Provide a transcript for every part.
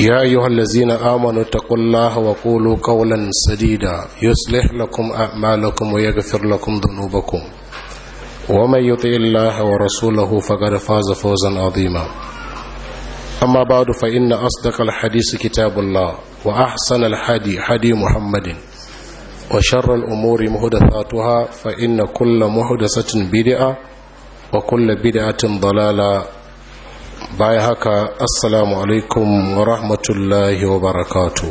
يا أيها الذين آمنوا اتقوا الله وقولوا قولا سديدا يصلح لكم أعمالكم ويغفر لكم ذنوبكم ومن يطع الله ورسوله فقد فاز فوزا عظيما أما بعد فإن أصدق الحديث كتاب الله وأحسن الحدي حدي محمد وشر الأمور محدثاتها فإن كل محدثة بدعة وكل بدعة ضلالة baya haka assalamu alaikum wa rahmatullahi wa barakatu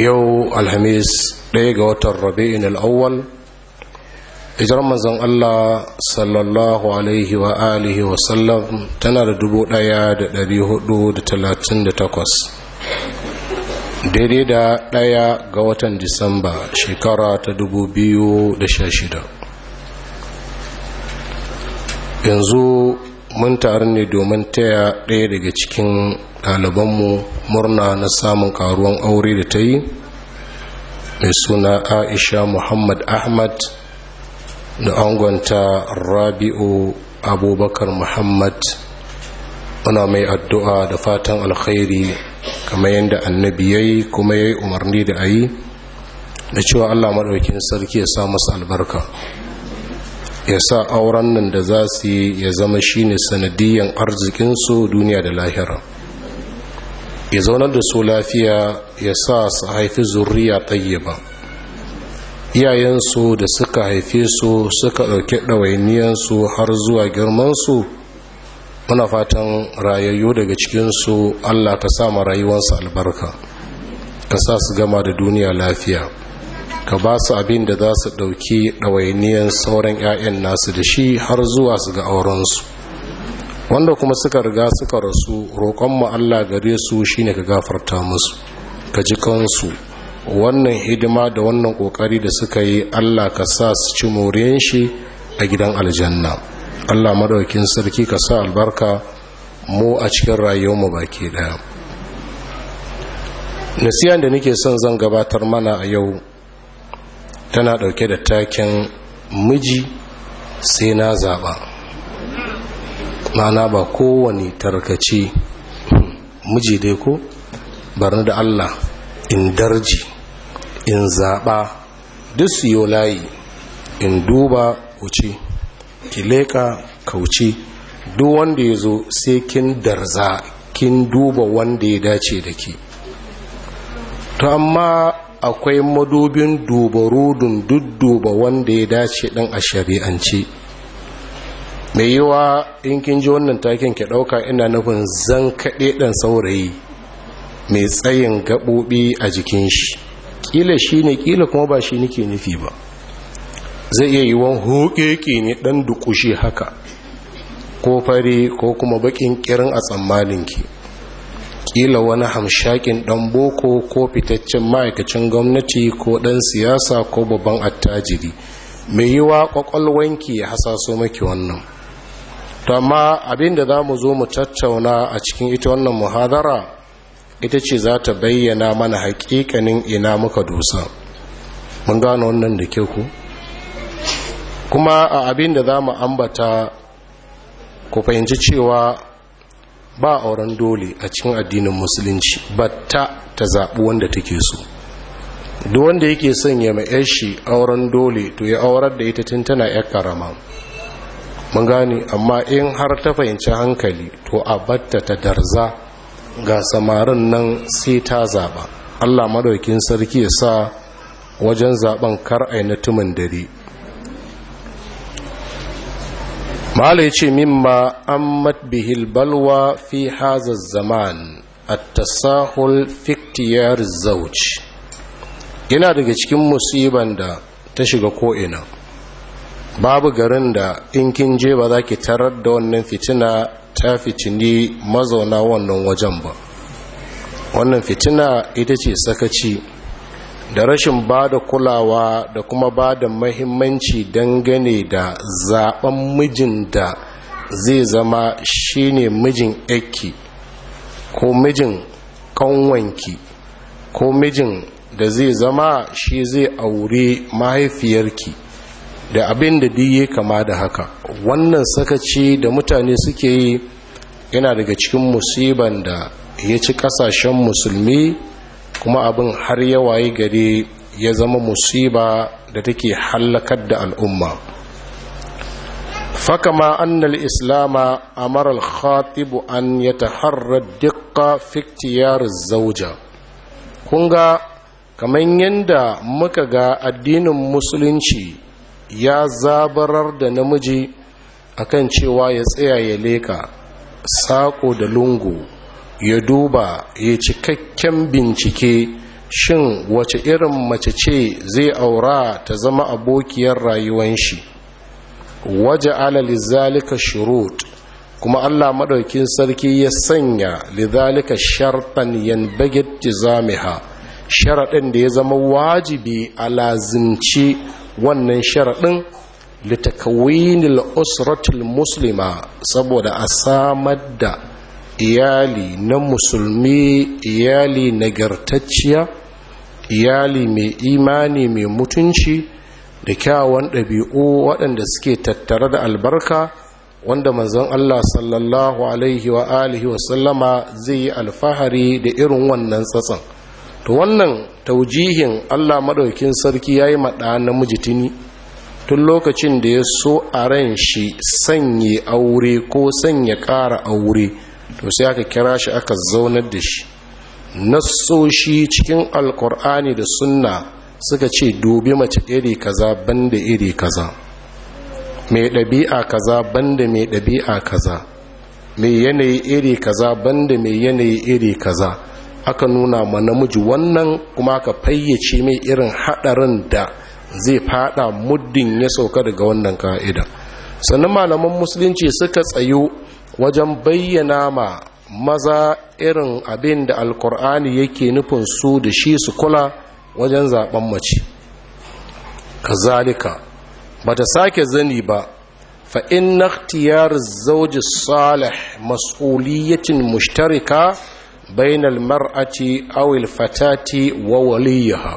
yau alhamis ɗaya ga watan rabi'in al'awwal ijar manzan Allah sallallahu alaihi wa alihi wa sallam tana da dubu ɗaya da ɗari hudu da talatin da takwas daidai da ɗaya ga watan disamba shekara ta dubu biyu da sha shida yanzu mun taru ne domin taya ɗaya daga cikin ɗalibanmu murna na samun karuwan aure da ta yi mai suna aisha muhammad ahmad da angonta rabi'u abubakar muhammad ana mai addu'a da fatan alkhairi kamar yadda annabi ya yi kuma ya yi umarni da a yi da cewa allah maɗaukin sarki ya sa masa albarka ya sa auren nan da za su yi ya zama shine sanadiyyar arzikinsu duniya da lahira ya zaunar da su lafiya ya sa su haifi zurriya ba iyayensu da suka haife su suka ɗauki ɗawainiyansu har zuwa girmansu muna fatan rayayyo daga cikinsu allah ka sa ma rayuwarsu albarka ka sa su gama da duniya lafiya ka ba su abin da za su ɗauki ɗawainiyar sauran 'ya'yan nasu da shi har zuwa su ga aurensu wanda kuma suka riga suka rasu roƙon Allah gare su shine ka gafarta musu ka ji kansu wannan hidima da wannan ƙoƙari da suka yi Allah ka sa su ci moriyan shi a gidan aljanna Allah maɗaukin sarki ka sa albarka mu a cikin rayuwarmu baki ɗaya nasiyan da nake son zan gabatar mana a yau tana ɗauke da taken miji sai na zaɓa mana ba kowane tarkace hmm, miji dai ko barna da allah in darji in zaɓa duk su yi layi in duba wuce ki leƙa kauce duk wanda ya zo sai kin darza kin duba wanda ya dace da ke to amma akwai madubin dubarudun dudduba wanda ya dace ɗan a shari'ance mai yiwa in kin ji wannan takin ki ɗauka ina nufin zan kaɗe ɗan saurayi mai tsayin gaɓoɓi a jikin shi ƙila shi ne ƙila kuma ba shi nake nufi ba zai iya yiwa hoƙeƙe ne ɗan dukushi haka ko fari ko kuma baƙin ƙirin a tsammaninki ki kila wani hamshakin dan boko ko fitaccen ma'aikacin gwamnati ko dan siyasa ko babban attajiri mai yiwa kwakwalwanki ya hasaso maki wannan to amma abinda za mu zo mu tattauna a cikin ita wannan muhadara ita ce za ta bayyana mana hakikanin ina muka dosa mun gano wannan da ke ku kuma a abinda za mu ambata ku fahimci cewa ba auren dole a cikin addinin musulunci batta ta zaɓi wanda take so duk wanda yake son ya mai shi auren dole to ya aurar da ita tun tana yar karama mun gane amma in har ta fahimci hankali to a batta ta darza ga samarin nan sai ta zaɓa allah maɗaukin sarki ya sa wajen zaɓen kar na tumin dare mala ya ce mimma an bihil balwa fi hazar zaman a tasahul fiktiyar zauci yana daga cikin musiban da ta shiga ko'ina babu garin da in kin je ba za ki tarar da wannan fitina ta fitini mazauna wannan wajen ba wannan fitina ita ce sakaci da rashin ba da kulawa da kuma ba da mahimmanci dangane da zaben mijin da zai zama shine mijin ekki ko mijin kanwanki ko mijin da zai zama shi zai aure mahaifiyarki da abin da diye kama da haka wannan sakaci da mutane suke yi yana daga cikin musiban da ya ci kasashen musulmi kuma abin har yawaye gare ya zama musiba da take hallakar da al'umma fakama annal islama amara al-khatibu an yataharra dukka fiktiyar zauja kunga kaman yanda muka ga addinin musulunci ya zabarar da namiji akan cewa ya tsaya ya leka sako da lungu ya duba ya cikakken bincike shin wace irin mace ce zai aura ta zama abokiyar rayuwan shi waje alalizalika shirut kuma allah maɗaukin sarki ya sanya lizalika shartan yan bagit ha sharaɗin da ya zama wajibi a lazimci wannan sharaɗin litakawinil usratul muslima saboda a samar da iyali na musulmi iyali nagartacciya iyali mai imani mai mutunci da kyawun ɗabi'u waɗanda suke tattare da albarka wanda manzon Allah sallallahu alaihi wa alihi wa sallama zai yi alfahari da irin wannan tsatsan to wannan taujihin Allah Maɗaukin sarki ya yi maɗa namiji tuni tun lokacin da ya so a ran shi sanye aure ko sanya ƙara aure to sai aka kira shi aka zaunar da shi nassoshi cikin alkur'ani da sunna suka ce dubi mace iri kaza banda iri kaza mai ɗabi'a kaza banda mai ɗabi'a kaza mai yanayi iri kaza banda mai yanayi iri kaza aka nuna ma namiji wannan kuma ka fayyace mai irin haɗarin da zai fada muddin ya sauka daga wannan ka'ida sannan malaman musulunci suka tsayo wajen bayyana ma maza irin abin da alkur'ani yake nufin su da shi su kula wajen zaben mace kazalika ba ta sake zani ba fa na tiyar zauji salih mas'uliyacin mushtarika bainal mar'ati awil fatati wa waliyaha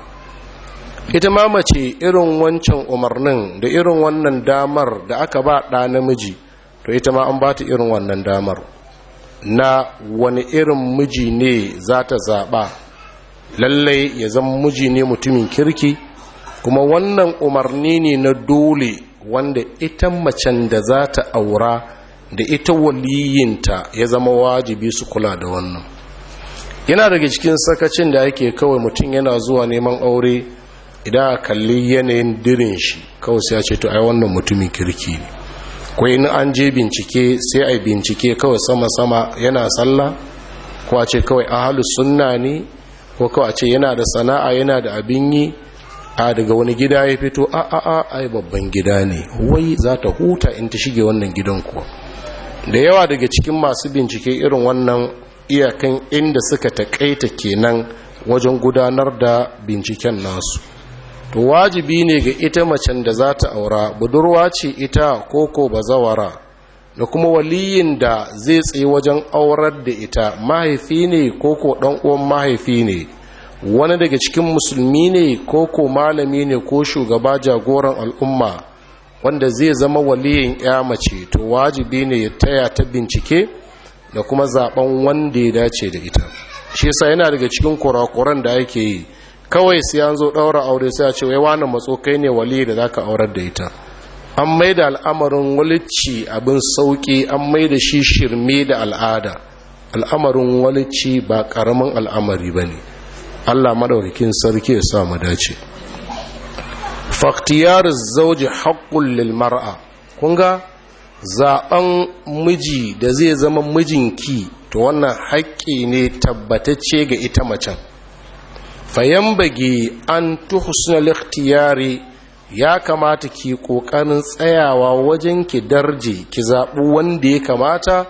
ita ma mace irin wancan umarnin da irin wannan damar da aka ba ɗa namiji to ita ma an ba ta irin wannan damar na wani irin miji ne za ta zaɓa lallai ya zan miji ne mutumin kirki kuma wannan umarni ne na dole wanda ita macen da za ta aura da ita waliyinta ya zama wajibi su kula da wannan yana daga cikin sakacin da ake kawai mutum yana zuwa neman aure idan a kalli yanayin dirin shi kawai sai ya ce to ai wannan mutumin kirki ne ko in an je bincike sai a bincike kawai sama-sama yana sallah ko a ce kawai ahalus sunna ne ko kawai a ce yana da sana'a yana da abin yi a daga wani gida ya fito a a a ai babban gida ne wai za ta huta in ta shige wannan gidan ku. da yawa daga cikin masu bincike irin wannan iyakan inda suka taƙaita kenan wajen gudanar da binciken nasu to wajibi ne ga ita macen da za ta aura budurwa ce ita koko bazawara da kuma waliyin da zai tsaye wajen aurar da ita mahaifi ne koko ɗan uwan mahaifi ne wani daga cikin musulmi ne koko malami ne ko shugaba jagoran al'umma wanda zai zama waliyin ya mace to wajibi ne ya taya ta bincike da kuma zaben wanda ya dace da ita shi yasa yana daga cikin kurakuran da ake yi kawai sai an zo ɗaura aure sai a ce wai wani matso kai ne wali da zaka aurar da ita an mai da al'amarin walici abin sauƙi an mai da shi shirme da al'ada al'amarin walici ba karamin al'amari ba ne allah madaukakin sarki ya sa mu dace faktiyar zauji haƙƙun lilmara. kun ga zaɓen miji da zai zama mijinki to wannan haƙƙi ne tabbatacce ga ita macen fayambage an tuhusna likhtiyari ya kamata ki kokarin tsayawa wajen ki darje ki zabu wanda ya kamata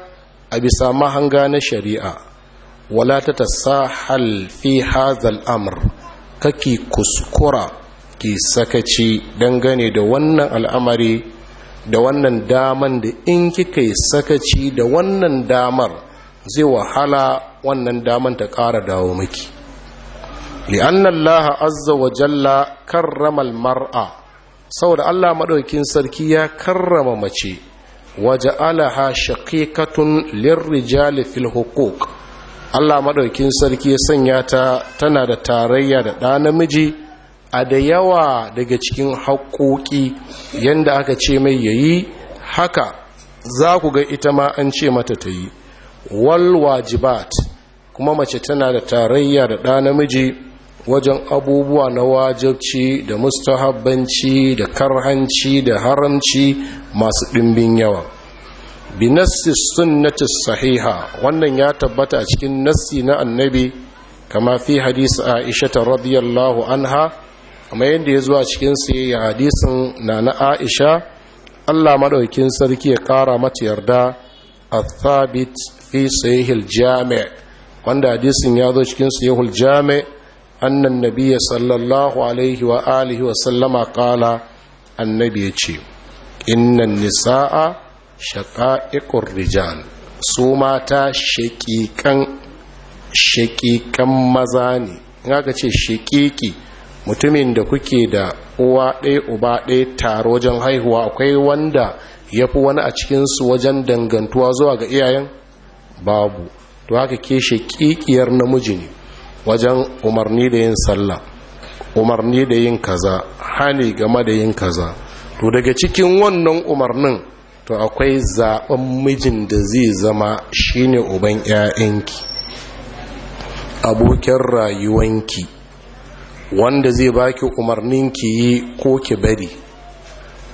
a bisa mahanga na shari'a wala ta tasahal fi hadhal amr kake kuskura ki sakaci dangane da wannan al'amari da wannan daman da in kika yi sakaci da wannan damar zai wahala wannan daman ta ƙara dawo miki li'anna Allah azza jalla karrama mar'a saboda Allah madaukin sarki ya karrama mace waja'alaha shakikatun lirrijali fil huquq Allah madaukin sarki ya sanya ta tana da tarayya da ɗa namiji a da yawa daga cikin haƙoƙi yanda aka ce mai yayi haka za ku ga ita ma an ce mata ta yi wal wajibat kuma mace tana da tarayya da ɗa namiji wajen abubuwa na wajabci da mustahabbanci da karhanci da haramci masu ɗimbin yawa bi nassi sunnati sahiha wannan ya tabbata a cikin nassi na annabi kama fi hadisi aisha ta radiyallahu anha amma yadda ya zuwa cikin sai ya hadisin na na aisha allah maɗaukin sarki ya kara mata yarda a thabit fi sahihil jami' wanda hadisin ya zo cikin sahihul jami' annan nabiya sallallahu alaihi wa alihi wa sallama kala annabi ya ce innan nisa'a shaƙa'iƙun rijal su mata shaƙiƙan maza ne in aka ce shaƙiƙi mutumin da kuke da uwa ɗaya uba ɗaya taro wajen haihuwa akwai wanda ya fi wani a cikinsu wajen dangantuwa zuwa ga iyayen babu to haka ke shaƙiƙiyar namiji ne wajen umarni da yin sallah umarni da yin kaza hani game da yin kaza to daga cikin wannan umarnin to akwai zaben mijin da zai zama shine uban 'ya'yanki abokin rayuwanki wanda zai baki umarnin ki yi ko ki bari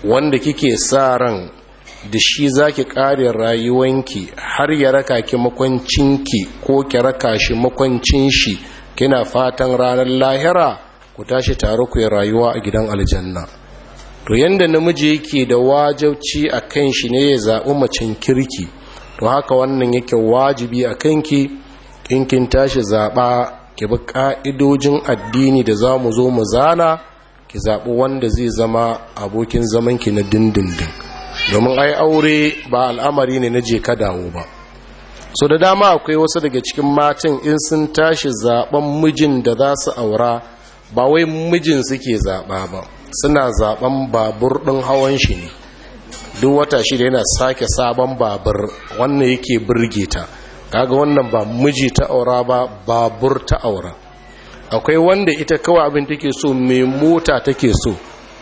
wanda kike sa ran da shi zaki kare rayuwanki har ya raka ki makwancinki ko ki raka shi makwancin shi kina fatan ranar lahira ku tashi tare ku rayuwa a gidan aljanna to yanda namiji yake da wajabci a kan shi ne ya zaɓi macen kirki to haka wannan yake wajibi a kanki kin tashi zaɓa ki bi ƙa'idojin addini da za mu zo mu zana ki zaɓi wanda zai zama abokin zamanki na dindindin domin ai aure ba al'amari ne na je ka dawo ba so da dama akwai wasu daga cikin matan in sun tashi zaben mijin da za su aura ba wai mijin suke zaba ba suna zaben babur din hawan shi ne duk wata shi da yana sake sabon babur wannan yake birge ta kaga wannan ba miji ta aura ba babur ta aura akwai wanda ita kawai abin take so mai mota take so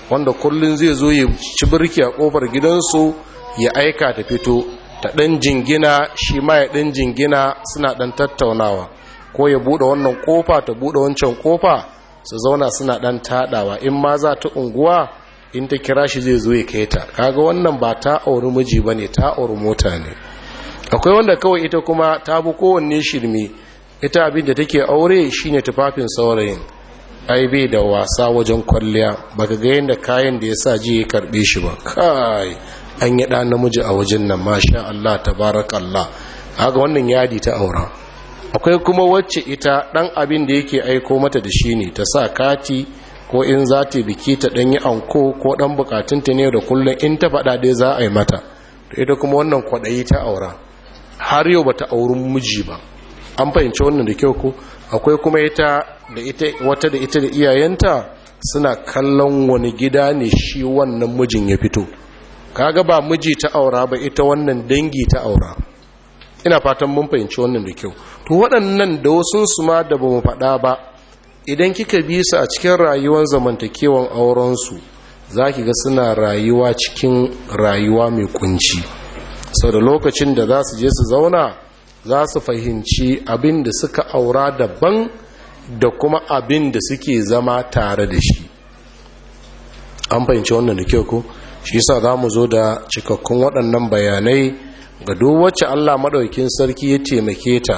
wanda kullun zai zo ya ci birki a kofar gidansu ya aika ta fito ta ɗan jingina shi ma ya ɗan jingina suna ɗan tattaunawa ko ya buɗe wannan ƙofa ta buɗe wancan ƙofa su zauna suna ɗan taɗawa in ma za ta unguwa in ta kira shi zai zo ya kai ta kaga wannan ba ta auri miji ba ne ta auri mota ne akwai wanda kawai ita kuma ta bi kowanne shirme ita abin da take aure shine tufafin saurayin ai bai da wasa wajen kwalliya baka ga yadda kayan da ya sa ji ya karbe shi ba kai an yi ɗa namiji a wajen nan masha Allah allah haka wannan yadi ta aura akwai kuma wacce ita ɗan abin da yake aiko mata da shi ne ta sa kati ko in za ta biki ta ɗan yi anko ko ɗan bukatunta ne da kullum in ta faɗa dai za a yi mata ita kuma wannan kwaɗayi ta aura har yau ba ta auren miji ba an fahimci wannan da kyau ko akwai kuma ita da ita wata da ita da iyayenta suna kallon wani gida ne shi wannan mijin ya fito kaga ba miji ta aura ba ita wannan dangi ta aura ina fatan mun fahimci wannan da kyau to waɗannan da wasu su ma da ba mu faɗa ba idan kika bi su a cikin rayuwar zamantakewan aurensu za ki ga suna rayuwa cikin rayuwa mai kunci sau da lokacin da za su je su zauna za su fahimci abin da suka aura daban da kuma abin da suke zama tare da shi an fahimci wannan da kyau ko shi sa za mu zo da cikakkun waɗannan bayanai ga duk wacce allah maɗaukin sarki ya taimake ta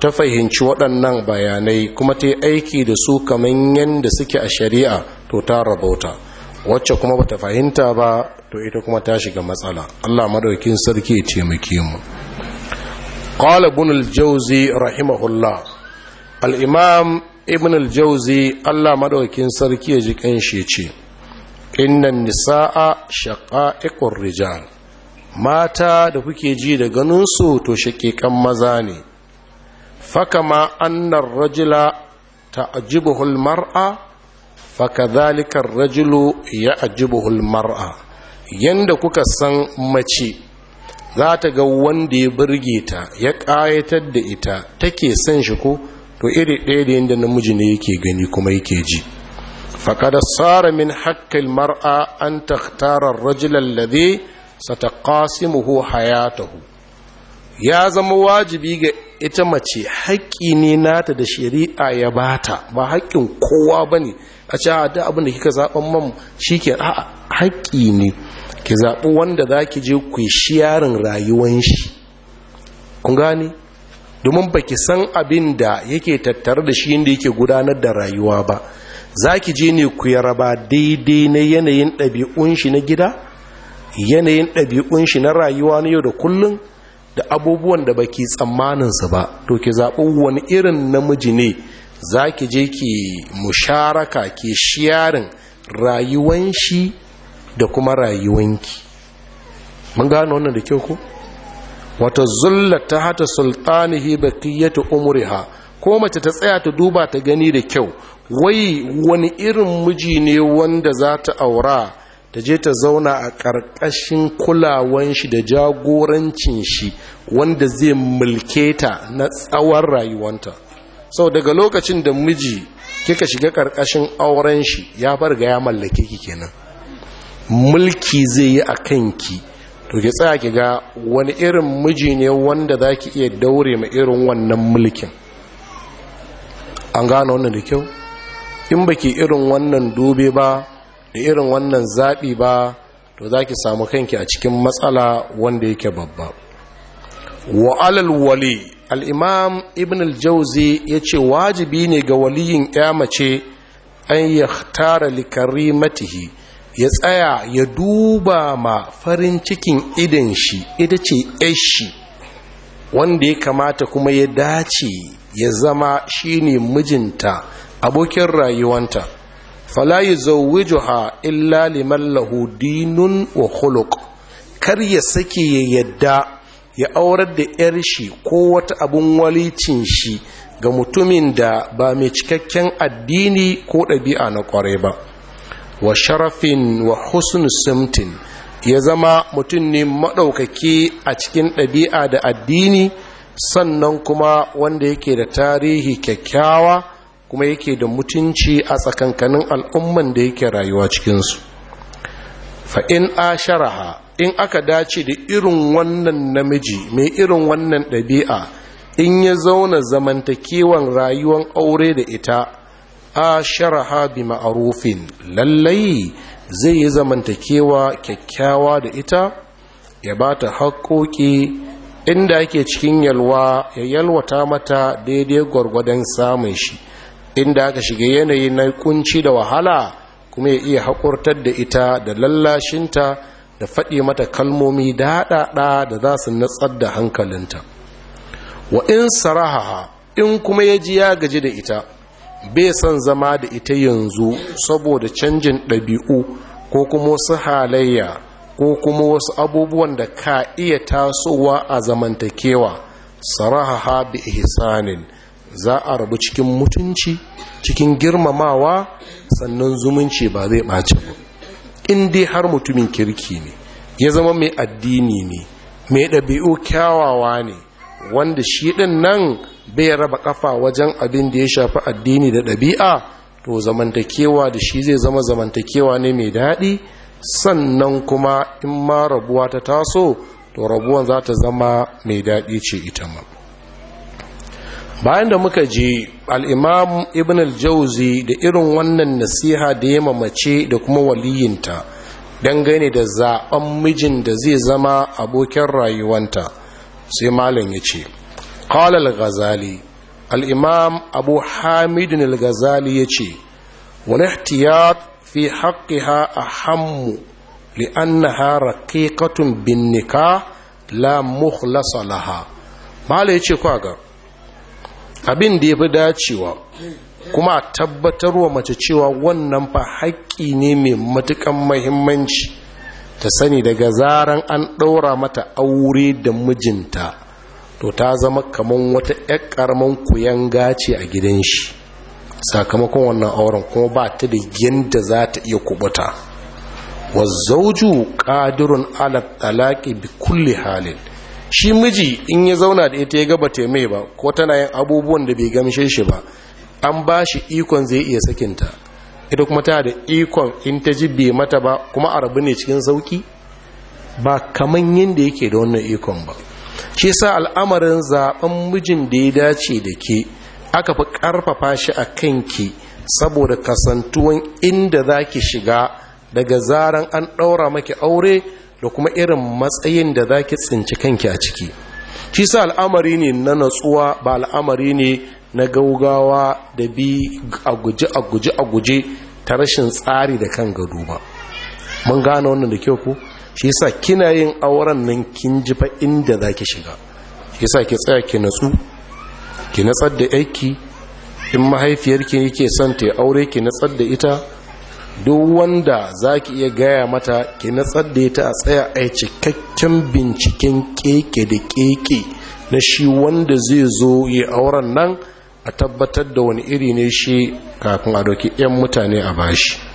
ta fahimci waɗannan bayanai kuma ta yi aiki da su kamar yadda suke a shari'a to ta rabauta wacce kuma bata fahimta ba to ita kuma ta shiga matsala allah maɗaukin sarki ya taimake mu Jauzi ابن الجوزي رحمه al Allah ابن الجوزي Sarki ya ji ƙanshi ce. innan nisa'a shaqa'iqur rijal mata da kuke ji da ganin su to shaqiqan maza ne fakama annar rajula ta'jibuhu almar'a fakadhalika ar-rajulu ya'jibuhu almar'a yanda kuka san mace za ta ga wanda ya burge ta ya ƙayatar da ita take son shi ko to iri ɗaya da yadda namiji ne yake gani kuma yake ji فقد صار من حق المرأة أن تختار الرجل الذي ستقاسمه حياته ya zama wajibi ga ita mace haƙƙi ne nata da shari'a ya bata ba haƙƙin kowa ba ne a ce a da abin da kika zaɓen man shi ke haƙƙi ne ki zaɓi wanda za ki je ku shi shiyarin rayuwan shi kun gane domin ba ki san abin da yake tattare da shi inda yake gudanar da rayuwa ba za ki je ne ku yaraba daidai na yanayin ɗabi'un shi na gida yanayin ɗabi'un shi na rayuwa na yau da kullum da abubuwan da ba tsammanin tsammaninsa ba to ki zaɓi wani irin namiji ne za ki je ki musharaka ke shiyarin rayuwan shi da kuma rayuwanki mun gano wannan da kyau ko wata zulla ta hata sultanihi baqiyatu umriha ko mace ta tsaya ta duba ta gani da kyau wai wani irin miji ne wanda za ta aura ta je ta zauna a ƙarƙashin kulawan shi da jagorancin shi wanda zai mulke ta na tsawon rayuwanta sau daga lokacin da miji kika shiga ƙarƙashin auren shi ya farga ya mallake ki kenan mulki zai yi a kanki to ki tsaya ki ga wani irin miji ne wanda za ki iya daure ma irin wannan mulkin an gane wannan da kyau in baki irin wannan dube ba da irin wannan zaɓi ba to za ki samu kanki a cikin matsala wanda yake babba wa alal wali al'imam ibn al-jauzi ya ce wajibi ne ga waliyin mace an ya tara likari matihi ya tsaya ya duba ma farin cikin idan shi ita ce shi wanda ya kamata kuma ya dace ya zama shine mijinta abokin rayuwanta fala yuzawwijuha illa liman lahu dinun wa khuluq kar ya sake ya yadda ya aurar da yar shi ko wata abun walicin shi ga mutumin da ba mai cikakken addini ko ɗabi'a na ƙwarai ba wa sharafin wa husn simtin ya zama mutum ne maɗaukaki a cikin ɗabi'a da addini sannan kuma wanda yake da tarihi kyakkyawa kuma yake da mutunci a tsakankanin al'umman da yake rayuwa cikinsu fa'in sharaha in aka dace da irin wannan namiji mai irin wannan ɗabi'a in ya zauna zamantakewan rayuwan aure da ita a asharaha bi ma'arufin lallai zai yi zamantakewa kyakkyawa da ita ya ba ta haƙoƙi inda yake cikin yalwa ya yalwata mata daidai gwargwadon samun shi inda aka shiga yanayi na kunci da wahala kuma ya iya haƙurtar da ita da lallashinta da faɗi mata kalmomi daɗaɗa da za su natsar da hankalinta wa in saraha in kuma ya ji ya gaji da ita bai son zama da ita yanzu saboda canjin ɗabi'u ko kuma wasu halayya ko kuma wasu abubuwan da ka iya tasowa a zamantakewa saraha bi ihsanin za a rabu cikin mutunci cikin girmamawa sannan zumunci ba zai ɓace ba in dai har mutumin kirki ne ya zama mai addini ne mai ɗabi'u kyawawa ne wanda shi ɗin nan bai raba kafa wajen abin da ya shafi addini da ɗabi'a to zamantakewa da shi zai zama zamantakewa ne mai daɗi sannan kuma in ma rabuwa ta taso to rabuwan za ta zama mai daɗi ce ita ma bayan da muka ji al'imam ibn al-jauzi da irin wannan nasiha da ya mamace da kuma waliyinta dangane da zaɓen mijin da zai zama abokin rayuwanta sai malam ya ce qala Gazali, ghazali al-imam abu hamid al-ghazali yace wal ihtiyat fi haqqiha ahammu li'annaha raqiqatun bin nikah la mukhlasa laha mala yace ko ga abin da yafi dacewa kuma a tabbatar wa mace cewa wannan fa haƙƙi ne mai matukan muhimmanci ta sani daga zaran an ɗaura mata aure da mijinta to ta zama kaman wata yar karaman kuyanga ce a gidan shi sakamakon wannan auren kuma ba ta da yadda za ta iya kubuta wazzauju qadirun ala talaqi bi kulli halin shi miji in ya zauna da ita ya gaba taimai ba ko tana yin abubuwan da bai gamshe shi ba an ba shi ikon zai iya sakinta ita kuma ta da ikon in ta ji bai mata ba kuma a rabu ne cikin sauki ba kaman yadda yake da wannan ikon ba shi sa al'amarin zaben mijin da ya dace da ke aka fi karfafa shi a kanki saboda kasantuwan inda za ki shiga daga zaran an ɗaura maki aure da kuma irin matsayin da za ki tsinci kanki a ciki shi sa al'amari ne na natsuwa ba al'amari ne na gaugawa da bi a guje a guje a guje ta rashin tsari da kan gado ba mun gane wannan da kyau ku shi sa kina yin auren nan kin ji fa inda zaki shiga shi sa ki tsaya ki natsu ki natsar da aiki in mahaifiyarki yake son ta aure ki natsar da ita duk wanda zaki iya gaya mata ki natsar da ita a tsaya a cikakken binciken keke da keke na shi wanda zai zo ya auren nan a tabbatar da wani iri ne shi kafin a doki 'yan mutane a bashi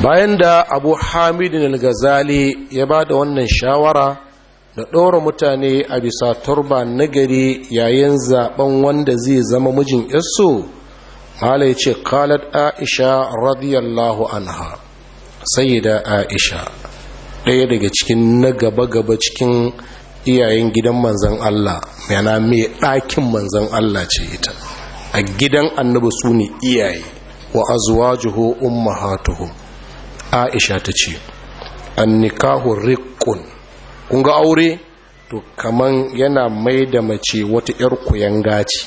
bayan da abu hamidin al-gazali ya ba da wannan shawara da ɗora mutane a bisa turba nagari yayin zaben wanda zai zama mijin yasu hala ya ce aisha radiyallahu anha da aisha ɗaya daga cikin na gaba-gaba cikin iyayen gidan manzan allah yana mai ɗakin manzan allah ce ita a gidan annabi su ne iyaye wa azwajuhu ummahatuhum aisha ta ce an nikahu rikun, kun ga aure to kaman yana mai da mace wata 'yar kuyanga ce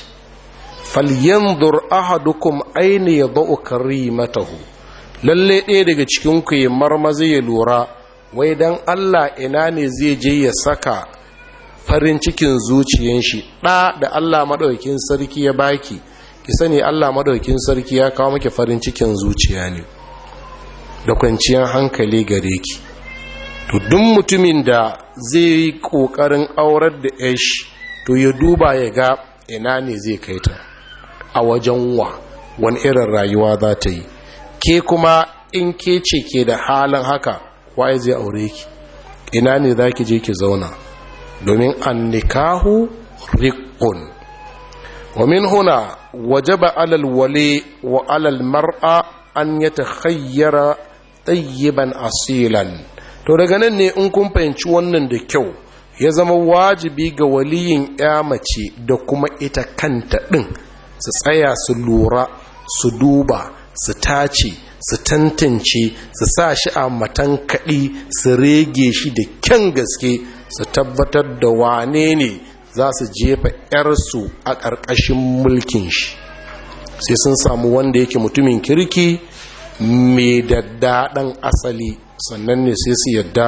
falyanzur ahadukum aini ya za'u karimatahu lalle ɗaya daga cikin ku marma zai ya lura wai dan Allah ina ne zai je ya saka farin cikin zuciyan shi ɗa da Allah maɗaukin sarki ya baki ki sani Allah maɗaukin sarki ya kawo maki farin cikin zuciya ne da kwanciyar hankali gare ki to duk mutumin da zai yi ƙoƙarin aurar da yashi to ya duba ya ga ina ne zai kai ta a wajen wa wani irin rayuwa za ta yi ke kuma in ke ce ke da halin haka waye zai aure ki ina ne za ki je ki zauna domin an nikahu riƙon ومن هنا وجب على الولي وعلى المرأة أن يتخير tayyiban asilan to daga nan ne in kun fahimci wannan da kyau ya zama wajibi ga waliyin ya mace da kuma ita kanta ɗin su tsaya su lura su duba su tace su tantance su sa shi a matan kaɗi su rege shi da kyan gaske su tabbatar da wane ne za su jefa 'yarsu a ƙarƙashin mulkin shi sai sun samu wanda yake mutumin kirki mai daddaɗan asali sannan ne sai su yadda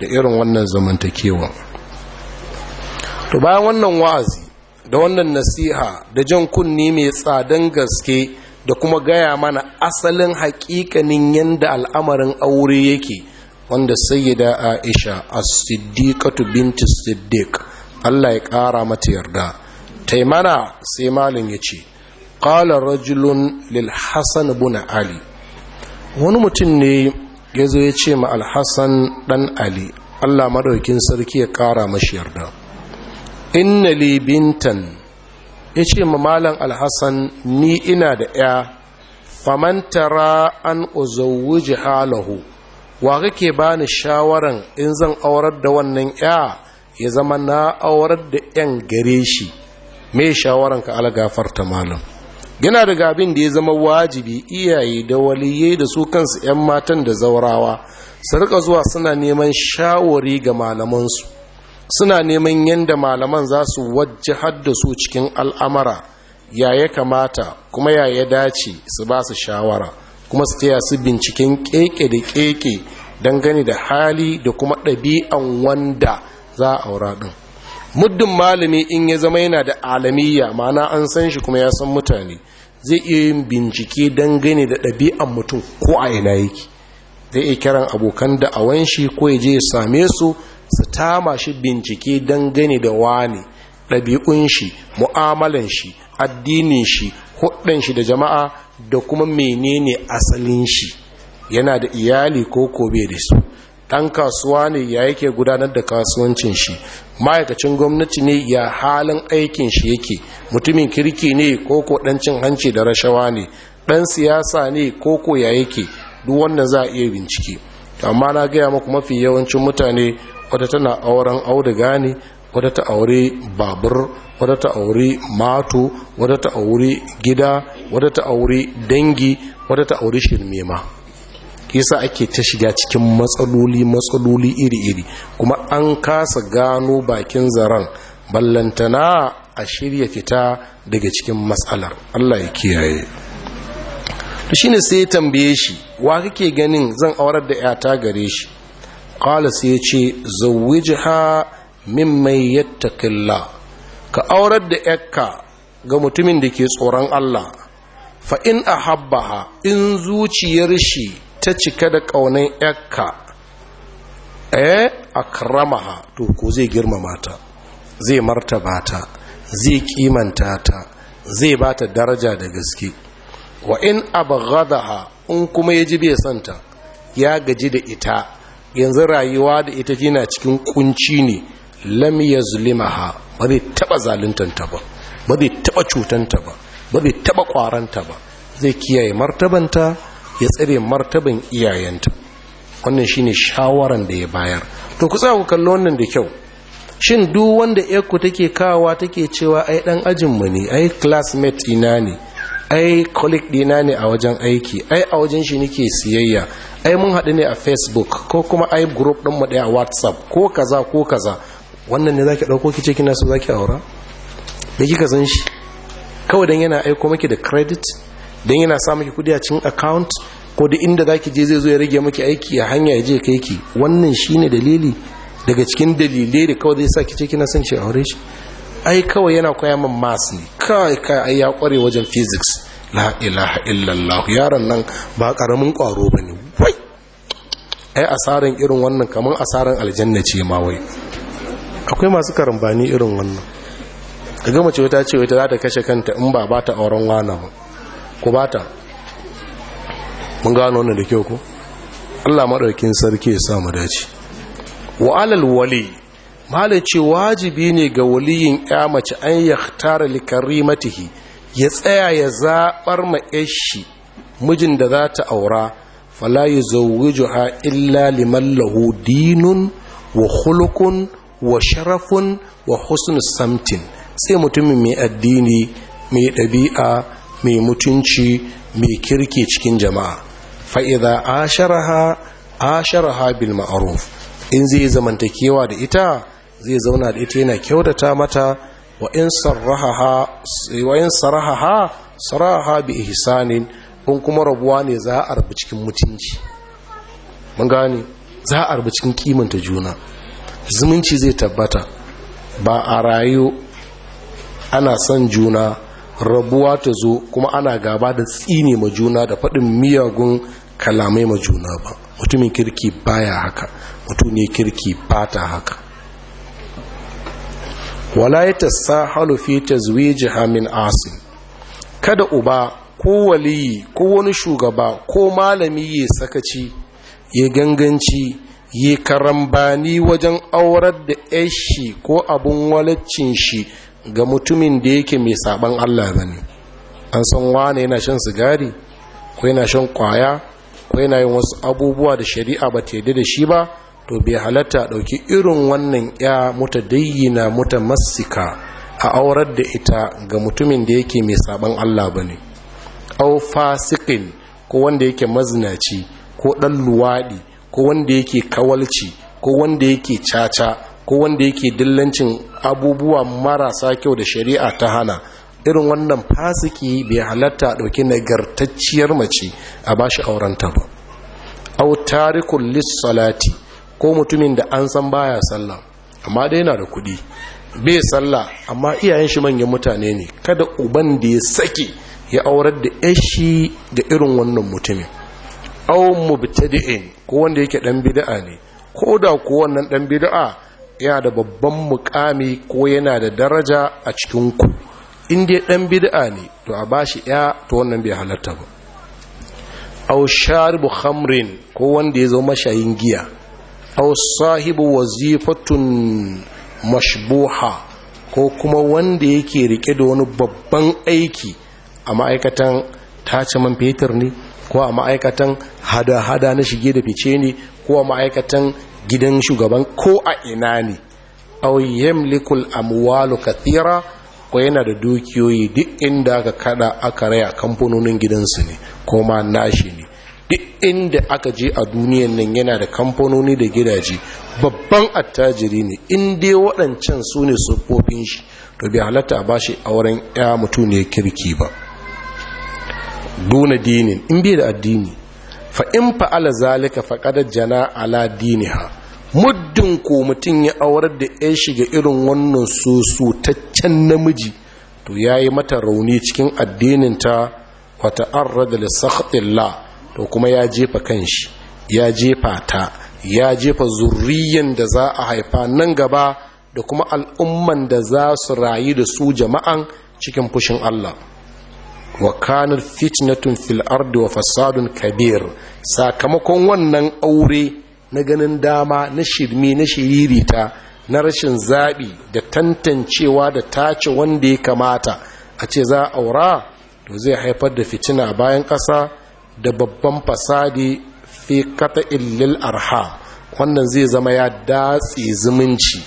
da irin wannan zamantakewa to bayan wannan wa'azi da wannan nasiha da jan kunni mai tsadan gaske da kuma gaya mana asalin haƙiƙanin yadda al'amarin aure yake wanda sayyida aisha as-siddiqatu binti siddiq Allah ya ƙara mata yarda taimana sai malin ya ce ƙala rajulun lil hassan buna ali wani mutum ne ya zo ya ce ma alhassan dan ali allah maɗaukin sarki ya ƙara mashi yarda inna li bintan ya ce ma malam alhassan ni ina da ya famantara an uzawuji halahu wa kake bani shawaran in zan aurar da wannan ya ya zama na aurar da yan gare shi mai shawaran ka algafarta malam yana daga abin da ya zama wajibi iyaye da waliye da su kansu 'yan matan da zaurawa su rika zuwa suna neman shawari ga malamansu suna neman yadda malaman za su wajji da su cikin al'amara ya ya kamata kuma ya ya dace su ba su shawara kuma su taya su binciken keke da keke dangane da hali da kuma ɗabi'an wanda za a aura ɗin muddin malami in ya zama yana da alamiya mana an san shi kuma ya san mutane zai iya yin bincike dangane da ɗabi'an mutum ko a ina yake zai iya kiran abokan a wanshi ko ya je same su su tama shi bincike dangane da wani ɗabi'un shi mu'amalan shi addinin shi hudun shi da jama'a da kuma menene asalin shi yana da iyali ko kobe da su ɗan kasuwa ne ya yake gudanar da kasuwancin shi ma'aikacin gwamnati ne ya halin aikin shi yake mutumin kirki ne ko ko ɗan cin hanci da rashawa ne ɗan siyasa ne ko ya yake duk wannan za a iya bincike amma na gaya maku mafi yawancin mutane wata tana auren auduga ne wata ta aure babur wata ta aure mato wata ta aure gida wata ta aure dangi wata ta aure shirmema kisa ake ta shiga cikin matsaloli matsaloli iri-iri kuma an kasa gano bakin zaren ballantana a shirya fita daga cikin matsalar Allah ya kiyaye to shine sai tambaye shi wa kake ganin zan aurar da yata gare shi kala sai ya ce min mimman yattaqilla ka aurar da yakka ga mutumin da ke tsoron Allah fa in ahabbaha in zuciyar shi ta cika da ƙaunin yakka eh akramaha to ko zai girmama ta zai martaba ta zai kimanta ta zai ba ta daraja da gaske wa in abghadaha in kuma yaji bai santa ya gaji da ita yanzu rayuwa da ita yana cikin kunci ne lam yazlimaha ba zai taba zaluntanta ba ba zai taba cutanta ba ba zai taba kwaranta ba zai kiyaye martabanta ya tsare martaban iyayenta wannan shine shawaran da ya bayar to ku tsaya ku kallo wannan da kyau shin duk wanda ku take kawa take cewa ai dan ajin mu ne ai classmate ina ne ai colleague dina ne a wajen aiki ai a wajen shi nake siyayya ai mun haɗu ne a facebook ko kuma ai group ɗin mu ɗaya a whatsapp ko kaza ko kaza wannan ne zaki ɗauko kice kina so zaki aura da kika san shi kawai dan yana aiko miki da credit don yana sa maki kudi a cikin account ko da inda za ki je zai zo ya rage maki aiki a hanya ya je kai ki wannan ne dalili daga cikin dalilai da kawai zai sa ki ce kina son ce aure shi ai kawai yana koya min maths ne kawai kai ai ya kware wajen physics la ilaha illallah yaron nan ba karamin kwaro ne, wai ai asaran irin wannan kaman asaran aljanna ce ma wai akwai masu karambani irin wannan gama ce wata ce wata za ta kashe kanta in ba ba ta auren wana ba ku bata mun gano wannan da kyau ku Allah maɗaukin sarki ya sa mu dace wa alal wali malai ce wajibi ne ga waliyin ya mace an yahtara li karimatihi ya tsaya ya zabar ma shi mijin da za ta aura fala yuzawwijuha illa liman lahu dinun wa khuluqun wa sharafun wa husnul samtin sai mutumin mai addini mai ɗabi'a mai mutunci mai kirki cikin jama'a fa'iza asharaha asharaha bil ma'aruf in zai zamantakewa da ita zai zauna da ita yana kyautata mata wa in sarahaha sarahaha bi ihsanin in kuma rabuwa ne za a arba cikin mutunci mun gane za a arba cikin kimanta juna zumunci zai tabbata ba a rayu ana son juna rabuwa ta zo kuma ana gaba da tsine ma juna da faɗin miyagun kalamai ma juna ba mutumin kirki baya haka mutumin kirki bata haka wala ya tasahalu ta zuwe min asin kada uba ko waliyi ko wani shugaba ko malami ya sakaci ya ganganci ya karambani wajen aurar da yashi ko abun walaccin shi ga mutumin da yake mai saban Allah ba ne an san wane yana shan sigari ko yana shan kwaya ko yana yin wasu abubuwa da shari'a ba ta yadda da shi ba to bai halatta ɗauki irin wannan ya muta masika a aurar da ita ga mutumin da yake mai saban Allah ba ne au fasikin ko wanda yake mazinaci ko ɗan luwaɗi ko wanda yake kawalci ko wanda yake caca ko wanda yake dillancin abubuwa marasa kyau da shari'a ta hana irin wannan fasiki bai halatta a ɗauki nagartacciyar mace a ba shi aurenta ba au tarikul lissalati ko mutumin da an san baya sallah amma dai yana da kuɗi bai sallah amma iyayen shi manyan mutane ne kada uban da ya sake ya aurar da yashi da irin wannan mutumin au mubtadi'in ko wanda yake dan bid'a ne ko da ko wannan dan bid'a yana da babban mukami ko yana da daraja a cikinku in dai ɗan bid'a ne to a bashi ya to wannan bai halarta ba aw sharibu khamrin ko wanda ya zo mashayin giya aw sahibu wazifatun mashbuha ko kuma wanda yake rike da wani babban aiki a ma'aikatan tace man fetur ne ko a ma'aikatan hada-hada na shige da fice ne ko a ma'aikatan gidan shugaban ko a ina ne aw yamlikul amwalu kathira ko yana da dukiyoyi duk inda aka kada aka raya kamfanonin gidansu ne ko ma nashi ne duk inda aka je a duniyan nan yana da kamfanoni da gidaje babban attajiri ne in dai waɗancan su ne tsofaffin shi to bai halatta a bashi auren ya mutu ne kirki ba duna dinin in bai da addini fa in fa'ala zalika faqad jana ala diniha muddin ko mutum ya aurar da ya shiga irin wannan can namiji to ya yi mata rauni cikin addininta wata arrada lissakhtillah to kuma ya jefa kanshi ya jefa ta ya jefa zurriyan da za a haifa nan gaba da kuma al'umman da za su rayu da su jama'an cikin fushin Allah wa kanar fitnatun fil ardi wa fasadun kabir sakamakon wannan aure na ganin dama na shirme na shiririta na rashin zaɓi da tantancewa da tace wanda ya kamata a ce za a aura to zai haifar da fitina bayan ƙasa da babban fasadi fi kata illil arham wannan zai zama ya datse zumunci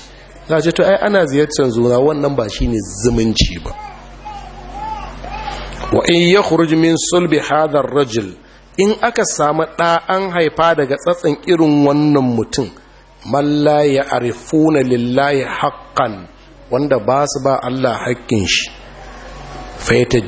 za ce to ai ana ziyartar zuna wannan ba shi ne zumunci ba wa in yakhruj min sulbi hadha ar-rajul in aka samu ɗa an haifa daga tsatsen irin wannan mutum malla ya arifuna lillahi haƙƙan wanda ba su ba Allah haƙƙin shi faita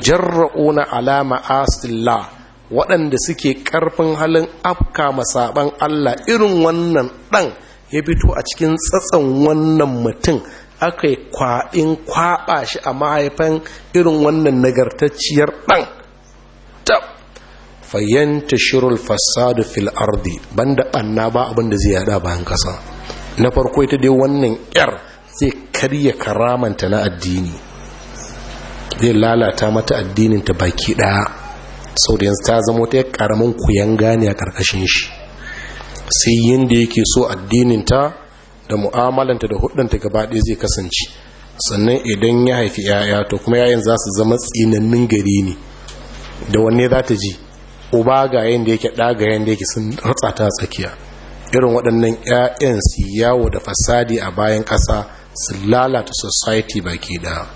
na alama asila waɗanda suke ƙarfin halin afka masaɓan Allah irin wannan ɗan ya fito a cikin tsatsan wannan mutum aka yi kwaɗin kwaɓa shi a mahaifan irin wannan nagartacciyar ɗan tab ta shirul fasadu fil ardi banda banna ba abin da zai yada bayan kasa na farko ita dai wannan yar zai karya karamanta na addini zai lalata mata addinin ta baki daya sau da yanzu ta zama ta karamin kuyan gane a karkashin shi sai yin da yake so addinin ta da mu'amalanta da hudunta gaba ɗaya zai kasance sannan idan ya haifi 'ya'ya to kuma 'ya'yan za su zama tsinannin gari ne da wanne za ta ji uba ga yanda yake ɗa ga yanda yake sun rutsa ta tsakiya irin waɗannan 'ya'yan su yawo da fasadi a bayan ƙasa su lalata society baki da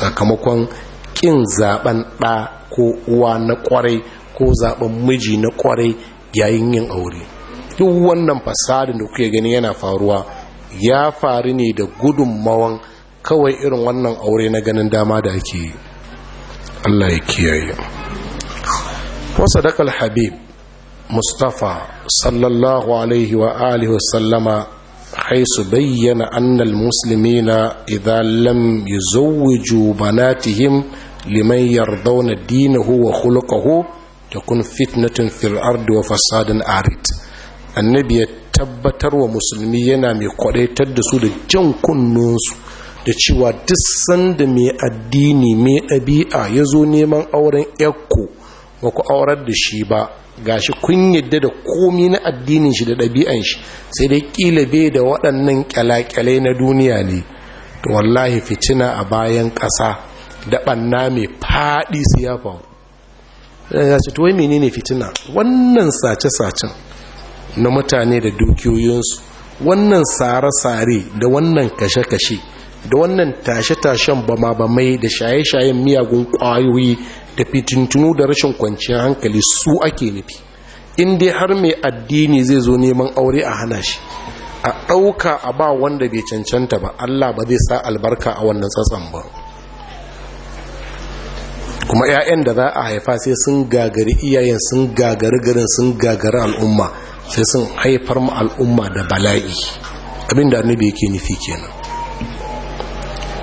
sakamakon ƙin zaben ɗa ko uwa na ƙwarai ko zaben miji na ƙwarai yayin yin aure duk wannan fasadin da kuke gani yana faruwa ya faru ne da gudunmawan kawai irin wannan aure na ganin dama da ake yi Allah ya kiyaye وصدق الحبيب مصطفى صلى الله عليه وآله وسلم حيث بين أن المسلمين إذا لم يزوجوا بناتهم لمن يرضون دينه وخلقه تكون فتنة في الأرض وفساد عارض النبي tabbatar wa musulmi yana mai kwadaitar da su da jan kunninsu da cewa duk sanda mai addini mai ɗabi'a ya zo neman auren yakko ba ku aurar da shi ba ga shi kun yadda da komi na addinin shi da ɗabi'an shi sai dai ƙila be da waɗannan ƙyalaƙyalai na duniya ne to wallahi fitina a bayan ƙasa da ɓanna mai faɗi su ya faru eh, ya ce tuwai mene ne fitina wannan sace-sacen na mutane da dukiyoyinsu wannan sare-sare da wannan kashe-kashe da wannan tashe-tashen bama-bamai da shaye-shayen miyagun ƙwayoyi da fitintunu da rashin kwanciyar hankali su ake nufi in dai har mai addini zai zo neman aure a hana shi a ɗauka a ba wanda bai cancanta ba allah ba zai sa albarka a wannan tsatsan ba kuma 'ya'yan da za a haifa sai sun gagari iyayen sun gagari garin sun gagari al'umma sai sun haifar ma al'umma da bala'i abinda annabi yake nufi kenan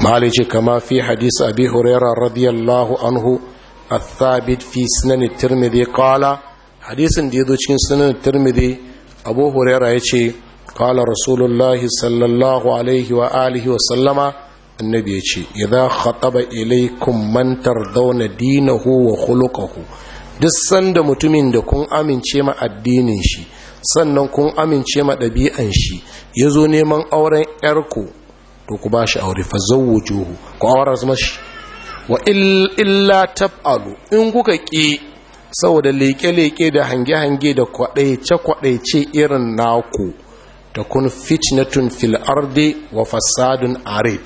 malice kama fi hadisi abi hurairah radiyallahu anhu الثابت في سنن الترمذي قال حديث zo cikin سنن الترمذي أبو هريرة يشي قال رسول الله صلى الله عليه وآله وسلم النبي يشي إذا خطب إليكم من ترضون دينه وخلقه duk sanda mutumin da kun amince ma addinin shi sannan kun amince ma ɗabi'an shi ya zo neman auren 'yarku to ku ba shi aure fa zawwujuhu ku aure shi. wa illa tab'alu in kuka ƙi saboda leke-leke da hange-hange da kwaɗaice-kwaɗaice irin naku ta kun fitnatun fil ardi wa fasadun arid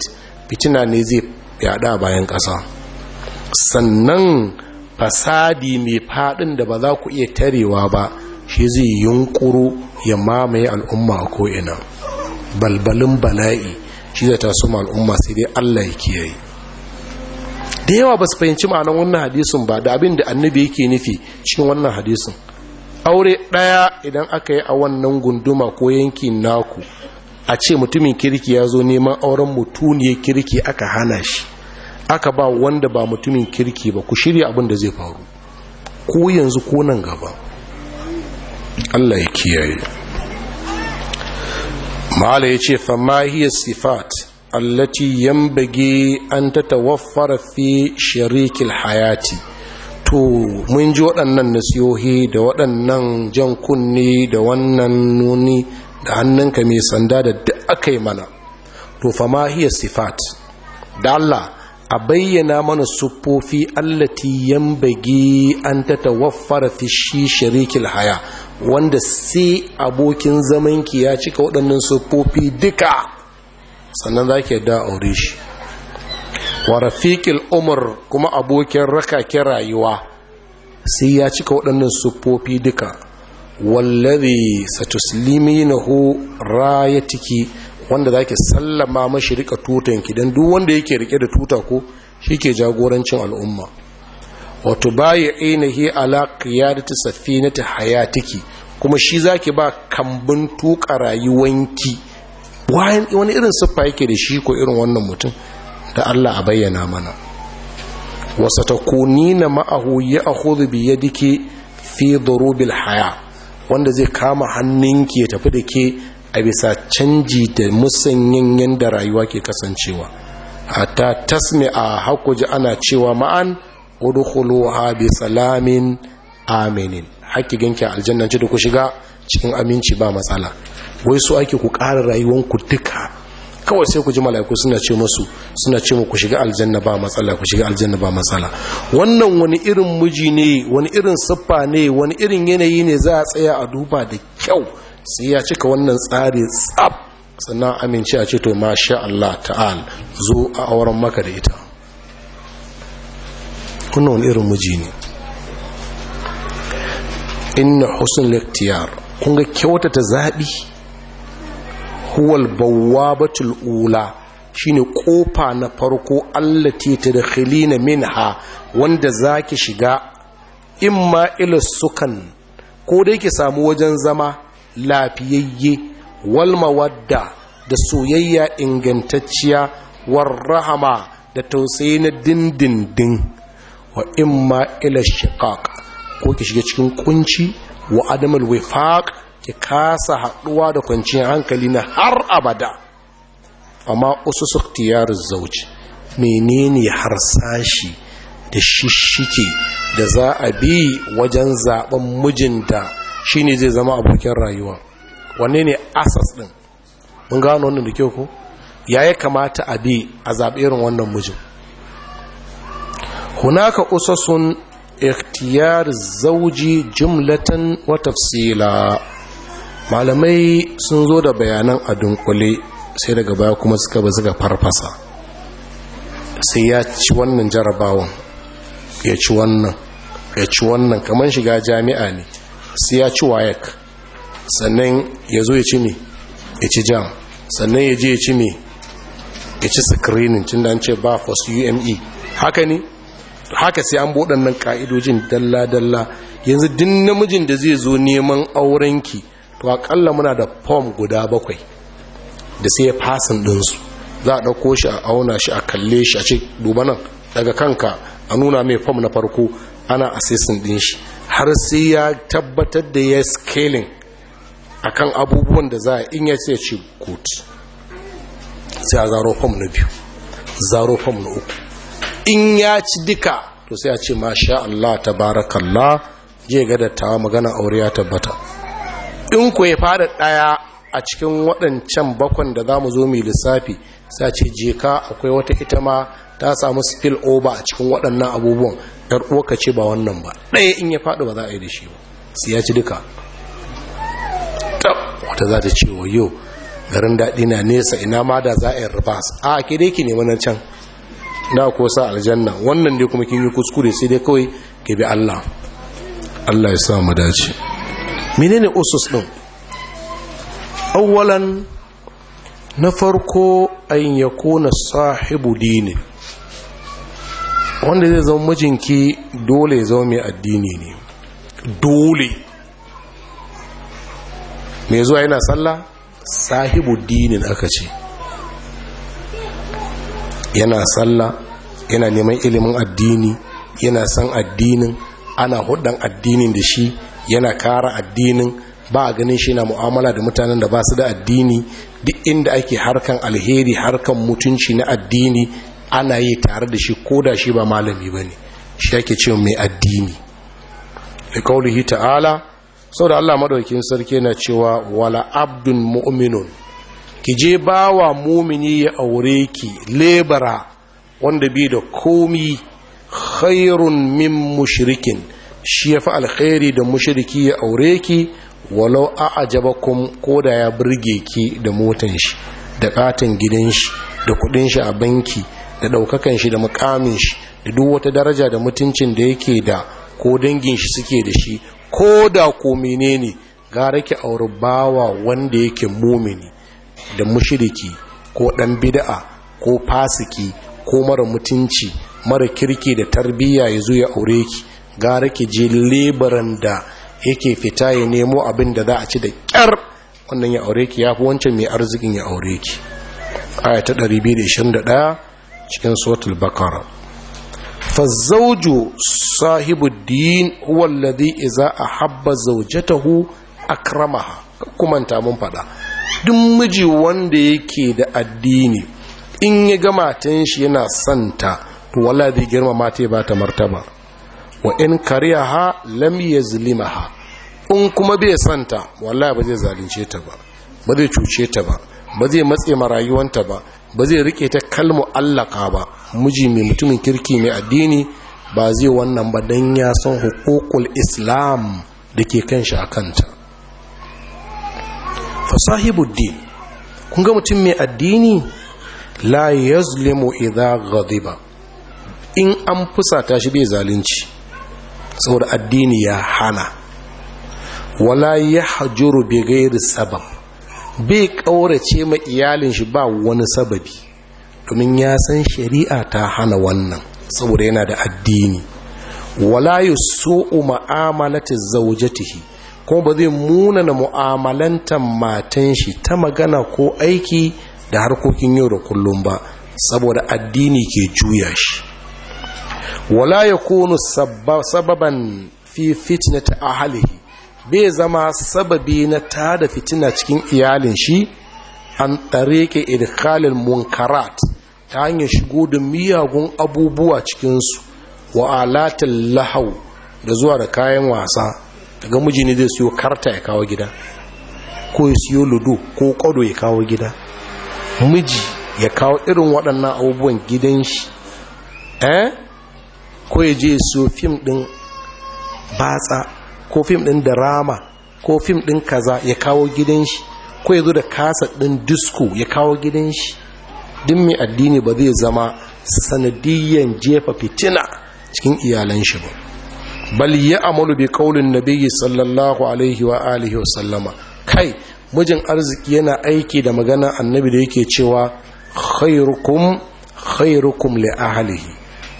fitina ne zai yada bayan ƙasa sannan fasadi mai faɗin da ba za ku iya tarewa ba shi zai yunkuru ya mamaye al'umma a ko'ina balbalin bala'i shi zai taso al'umma sai dai allah ya kiyaye da yawa ba su fahimci ma'anar wannan hadisin ba da abin da annabi yake nufi cikin wannan hadisin aure ɗaya idan aka yi a wannan gunduma ko yankin naku a ce mutumin kirki ya zo neman auren mutuniyar kirki aka hana shi aka ba wanda ba mutumin kirki ba ku shirya abin da zai faru ko yanzu ko nan gaba Allah ya kiyaye mala ya ce famahiyar sifat التي ينبغي an ta في شريك الحياة hayati to mun ji waɗannan nasihohi da waɗannan jan kunni da wannan nuni da hannunka mai sanda da duk aka yi mana to ma hiya sifat da Allah a bayyana mana siffofi allati yambage an ta tawaffara fi shi sharikil haya wanda sai abokin zamanki ya cika waɗannan siffofi duka sannan za ki yadda aure shi wa rafiqil umar kuma abokin rakakin rayuwa sai ya cika waɗannan siffofi duka wallazi satusliminahu rayatiki wanda zaki sallama mashi rika tutanki dan duk wanda yake rike da tuta ko shike jagorancin al'umma wato baya ainihi ala qiyadati ta hayatiki kuma shi zaki ba kambun tuka rayuwanki wani irin siffa yake da shi ko irin wannan mutum da Allah a bayyana mana wasa ta kunina ma'ahu ya ahudu bi dike fi dorobil haya wanda zai kama hannunki ya tafi da ke a bisa canji da musanyin da rayuwa ke kasancewa hatta tasmi a hakuji ana cewa ma'an udkhuluha bi salamin aminin hakki ganki aljanna da ku shiga cikin aminci ba matsala wai su ake ku ƙara rayuwanku duka kawai sai ku ji mala'iku suna ce masu suna ce ku shiga aljanna ba matsala ku shiga aljanna ba matsala wannan wani irin miji ne wani irin siffa ne wani irin yanayi ne za a tsaya a duba da kyau sai ya cika wannan tsari tsab sannan amince a ce to masha Allah ta'al zo a auren maka da ita wannan wani irin miji ne inna husnul ikhtiyar Kunga ga kyautata zaɓi huwal bawwabatul ula shine kofa na farko ta allati tadkhilina minha wanda zaki shiga imma ila sukan ko dai ki samu wajen zama lafiyayye wal mawadda da soyayya ingantacciya war rahama da tausayi na dindindin wa imma ila shiqaq ko ki shiga cikin kunci wa adamul wifaq ki kasa haɗuwa da kwanciyar hankali na har abada amma ususu tiyar zauci menene harsashi da shishike da za a bi wajen zaben mijinta shine zai zama abokin rayuwa wanne ne asas din mun gano wannan da kyau ko ya kamata a bi a zaɓi irin wannan mijin hunaka usasun ikhtiyar zauji jumlatan wa malamai sun zo da bayanan a dunkule sai daga baya kuma suka ba suka farfasa sai ya ci wannan jarabawan ya ci wannan ya ci wannan kamar shiga jami'a ne sai ya ci wayak sannan ya zo ya ci ne ya ci jam sannan ya je ya ci ne ya ci screening cin da an ce ba for ume haka ne haka sai an waɗannan ƙa'idojin dalla-dalla yanzu din namijin da zai zo neman aurenki to aƙalla muna da fom guda bakwai da sai ya fasin ɗinsu za a ɗauko shi a auna shi a kalle shi a ce duba nan daga kanka a nuna mai fom na farko ana assessing ɗin shi har sai ya tabbatar da ya scaling kan abubuwan da za a in ya ce ce good sai a zaro fom na biyu zaro fom na uku in ya ci duka to sai a ce masha Allah ta tabarakallah je ga dattawa magana aure ya tabbata in ku ya fara daya a cikin waɗancan bakon da za mu zo mu lissafi sai a ce je ka akwai wata ita ma ta samu spill over a cikin waɗannan abubuwan yar uwarka ce ba wannan ba ɗaya in ya faɗi ba za a yi da shi ba sai ya ci duka tab wata za ta ce wa yau garin daɗi na nesa ina ma da za a yi ribas a ke dai ki neman can Na ko sa aljanna wannan dai kuma kin yi kuskure sai dai kawai ke bi Allah Allah ya sa mu dace menene usus din awwalan na farko an kona sahibu dini wanda zai zama mijinki dole ya zama addini ne dole mai zuwa yana sallah sahibu dinin aka ce yana sallah yana neman ilimin addini yana san addinin ana hudan addinin da shi yana kara addinin ba a ganin shi na mu'amala da mutanen da ba su da addini duk inda ake harkan alheri harkan mutunci na addini ana yi tare da shi ko da shi ba malami ba ne shi ake ce mai addini da kaulihi ta'ala sau da allah madaukin sarki yana cewa wala abdun mu'minun ki je bawa mumini ya aure ki lebara wanda bi da komi khairun min mushrikin shi ya fi alkhairi da mushriki ya aure ki walau a ajaba ko da ya burge ki da motan shi da katin gidan shi da kudin shi a banki da daukakan shi da mukamin shi da duk wata daraja da mutuncin da yake da ko dangin shi suke da shi ko da ko menene gara ki auri bawa wanda yake mumini da mushiriki ko ɗan bida'a ko fasiki ko mara mutunci mara kirki da tarbiyya ya zo ya aure ki gara ki je lebaran da yake fita ya nemo abin da za a ci da kyar wannan ya aure ki ya fi wancan mai arzikin ya aure ki aya ta 221 cikin suratul bakara fazzauju sahibuddin huwa alladhi idza ahabba zawjatahu akramaha ta mun fada duk miji wanda yake da addini in ya ga matan shi yana santa to wallahi zai girmama ta ba ta martaba wa in kariya kariha lam ha, in kuma bai santa wala ba zai zalunce ta ba ba zai cuce ta ba ba zai matse ma rayuwanta ba ba zai rike ta kalmu allaka ba miji mai mutumin kirki mai addini ba zai wannan ba dan ya san hukukul islam da ke kan shi a kanta fasahibuddin kun ga mutum mai addini la yazlimu idha in an fusata shi bai zalunci saboda addini ya hana wala yahjuru bi ghairi sabab bai ƙaurace ma iyalin shi ba wani sababi domin ya san shari'a ta hana wannan saboda yana da addini wala yusu'u ma'amalati zaujatihi kuma ba zai munana mu'amalantar matan shi ta magana ko aiki da harkokin yau da kullum ba saboda addini ke juya shi wala ya kunu sababan fi ta ahalihi bai zama sababi na tada fitina cikin iyalin shi an ke idkhalil munkarat ta hanyar shigo da miyagun abubuwa cikinsu wa alatin lahau da zuwa da kayan wasa daga miji ne zai siyo karta ya kawo gida ko ya siyo ludo ko kwado ya kawo gida miji ya kawo irin waɗannan abubuwan gidan shi eh ko ya je siyo fim ɗin batsa ko fim ɗin drama ko fim ɗin kaza ya kawo gidan shi ko ya zo da kasa ɗin disco ya kawo gidan shi din mai addini ba zai zama sanadiyyan jefa fitina cikin iyalan shi ba bal yi amalu bi kaulin nabiyyi sallallahu alaihi wa alihi wa kai mijin arziki yana aiki da magana annabi da yake cewa khairukum khairukum li ahlihi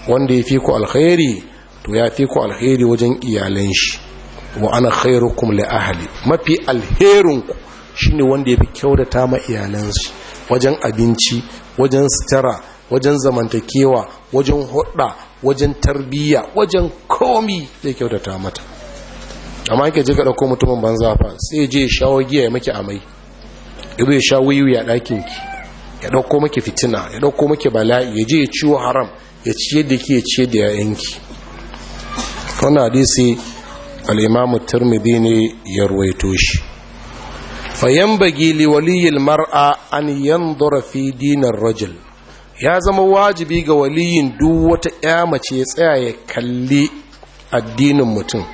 wanda yafi ku alkhairi to yafi ku alkhairi wajen iyalan shi wa ana khairukum li ahli mafi alherin ku shine wanda yafi kyautata ma iyalan shi wajen abinci wajen sutura wajen zamantakewa wajen hudda wajen tarbiyya wajen komi zai kyautata mata amma ke je ka ɗauko mutumin banza fa sai je shawo giya ya maki amai ibu ya sha wiwi a ɗakinki. ki ya ɗauko maki fitina ya ɗauko maki bala'i ya je ya ciwo haram ya ciye da ki ya ciye da yayanki wannan hadisi al-imamu tirmidhi ne ya ruwaito shi fayan bagi liwaliyil mar'a an yandura fi dinar rajul ya zama wajibi ga waliyin duk wata ya mace ya tsaya ya kalli addinin mutum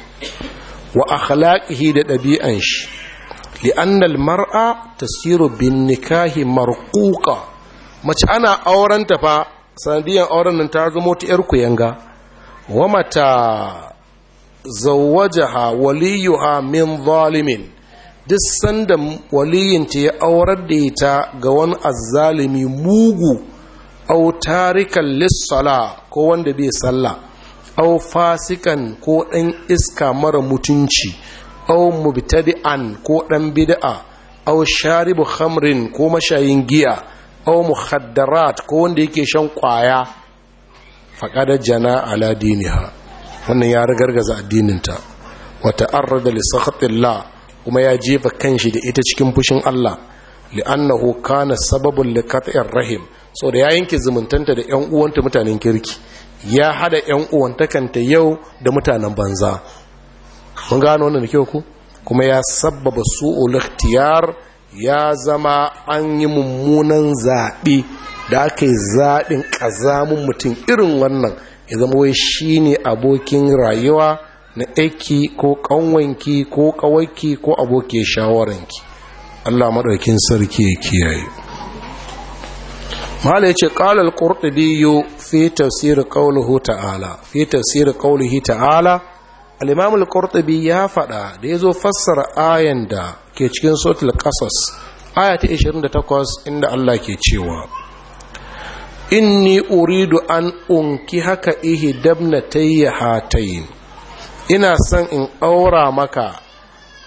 wa akhlaqihi da ɗabi'an shi li'annal mar'a tasiru bin nikahi marquqa mace ana aurenta fa sanadiyan auren nan ta zama ta yar kuyanga wa mata zawajaha waliyuha min zalimin duk sanda waliyinta ya aurar da ita ga wani azzalimi mugu au tarikan lissala ko wanda bai salla, au fasikan ko ɗan iska mara mutunci au mubtadi'an ko ɗan bid'a au sharibu khamrin ko mashayin giya au muhaddarat ko wanda yake shan kwaya faƙada jana ala diniha wannan ya ragargaza addininta wa ta'arrada li sakhatillah kuma ya jefa kanshi da ita cikin fushin Allah li'annahu kana sababin li rahim so da ya yanke zumuntanta da 'yan uwanta mutanen kirki ya hada 'yan uwantakanta yau da mutanen banza mun gano wannan kyau ku kuma ya sabbaba su ikhtiyar ya zama an yi mummunan zaɓe da aka yi zaɓin ƙazamin mutum irin wannan ya zama wai shi ne abokin rayuwa na aiki ko ƙanwanki ko ƙawaki ko abokin shawaranki allah maɗaukin sarki ya kiyaye mala yace qala al-qurtubi fi tafsir ƙaunuhu ta'ala fi tafsir qawlihi ta'ala Alimamin imam ya faɗa da zo fassara ayan da ke cikin suratul ƙasas aya ta 28 inda Allah ke cewa inni uridu an unki haka ihi tayya hatayin ina son in aura maka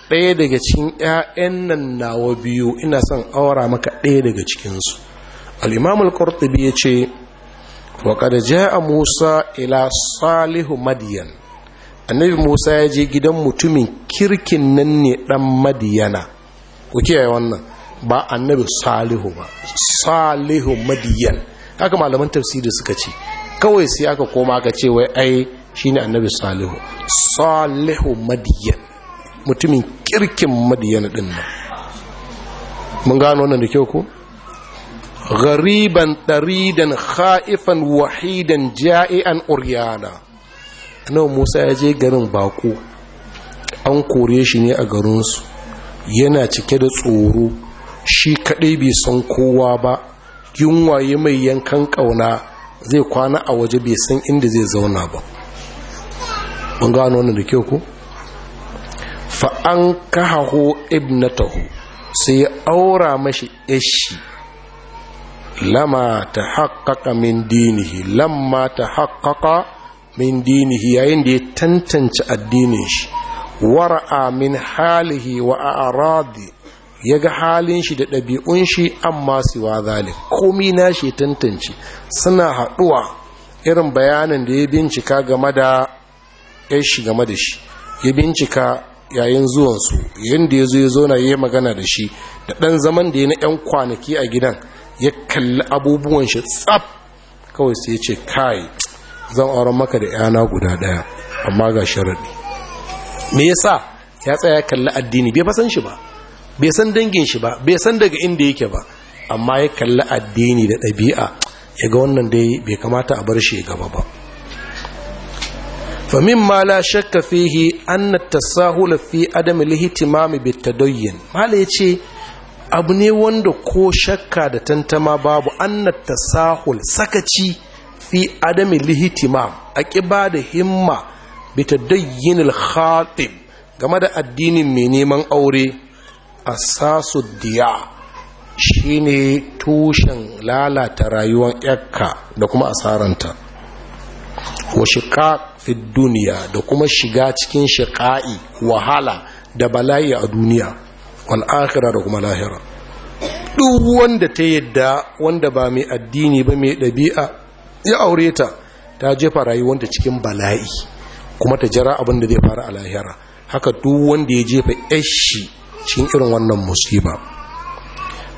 ɗaya daga cikin 'ya'yan nan nawa biyu ina son aura maka ɗaya daga cikinsu al-imam al-qurtubi yace wa qad jaa musa ila salihu madyan annabi musa ya je gidan mutumin kirkin nan ne dan madiyana ku kiyaye wannan ba annabi salihu ba salihu madiyan haka malaman tafsiri suka ce kawai sai aka koma aka ce wai ai shine annabi salihu salihu madiyan mutumin kirkin madiyana din nan mun gano wannan da kyau ko ghariban ɗaridan kha'ifan wahidan ja'i'an uryana nawa musa ya je garin bako an kore shi ne a garinsu yana cike da tsoro shi kaɗai bai san kowa ba yunwaye mai yankan ƙauna zai kwana a waje bai san inda zai zauna ba mun gano wannan da kyau ko fa'an kahaho ibnatahu sai ya aura mashi ishi lama ta haƙaƙa min dinihi lamma ta haƙaƙa min dinihi yayin da ya tantance addinin shi wara'a min halihi wa a'radi ya ga halin shi da ɗabi'un shi amma siwa zalik komi na shi tantance suna haɗuwa irin bayanin da ya bincika game da ya shi game da shi ya bincika yayin zuwansu yadda ya zo ya zo na yi magana da shi da ɗan zaman da ya na 'yan kwanaki a gidan ya kalli abubuwan shi tsab kawai sai ya ce kai zan auren maka da yana guda daya amma ga sharaɗi me yasa ya tsaya kalli addini bai fasan shi ba bai san dangin shi ba bai san daga inda yake ba amma ya kalli addini da ɗabi'a ya ga wannan dai bai kamata a bar shi gaba ba famin ma la shakka fihi an na tasahula fi adam lihitimami bitadayyin mala ya ce abu ne wanda ko shakka da tantama babu annat tasahul sakaci fi adami lihitimam a ƙiba da himma bita dayyinil khatib game da addinin mai neman aure a sasu diya shine tushen lalata rayuwar yakka da kuma asaranta wa shiqa fi duniya da kuma shiga cikin shiqa'i wahala da bala'i a duniya wal akhirah da kuma lahira duk wanda ta yadda wanda ba mai addini ba mai ɗabi'a ya aure ta ta jefa rayuwanta cikin bala'i kuma ta jira abin da zai fara a lahira haka duk wanda ya jefa yashi cikin irin wannan musiba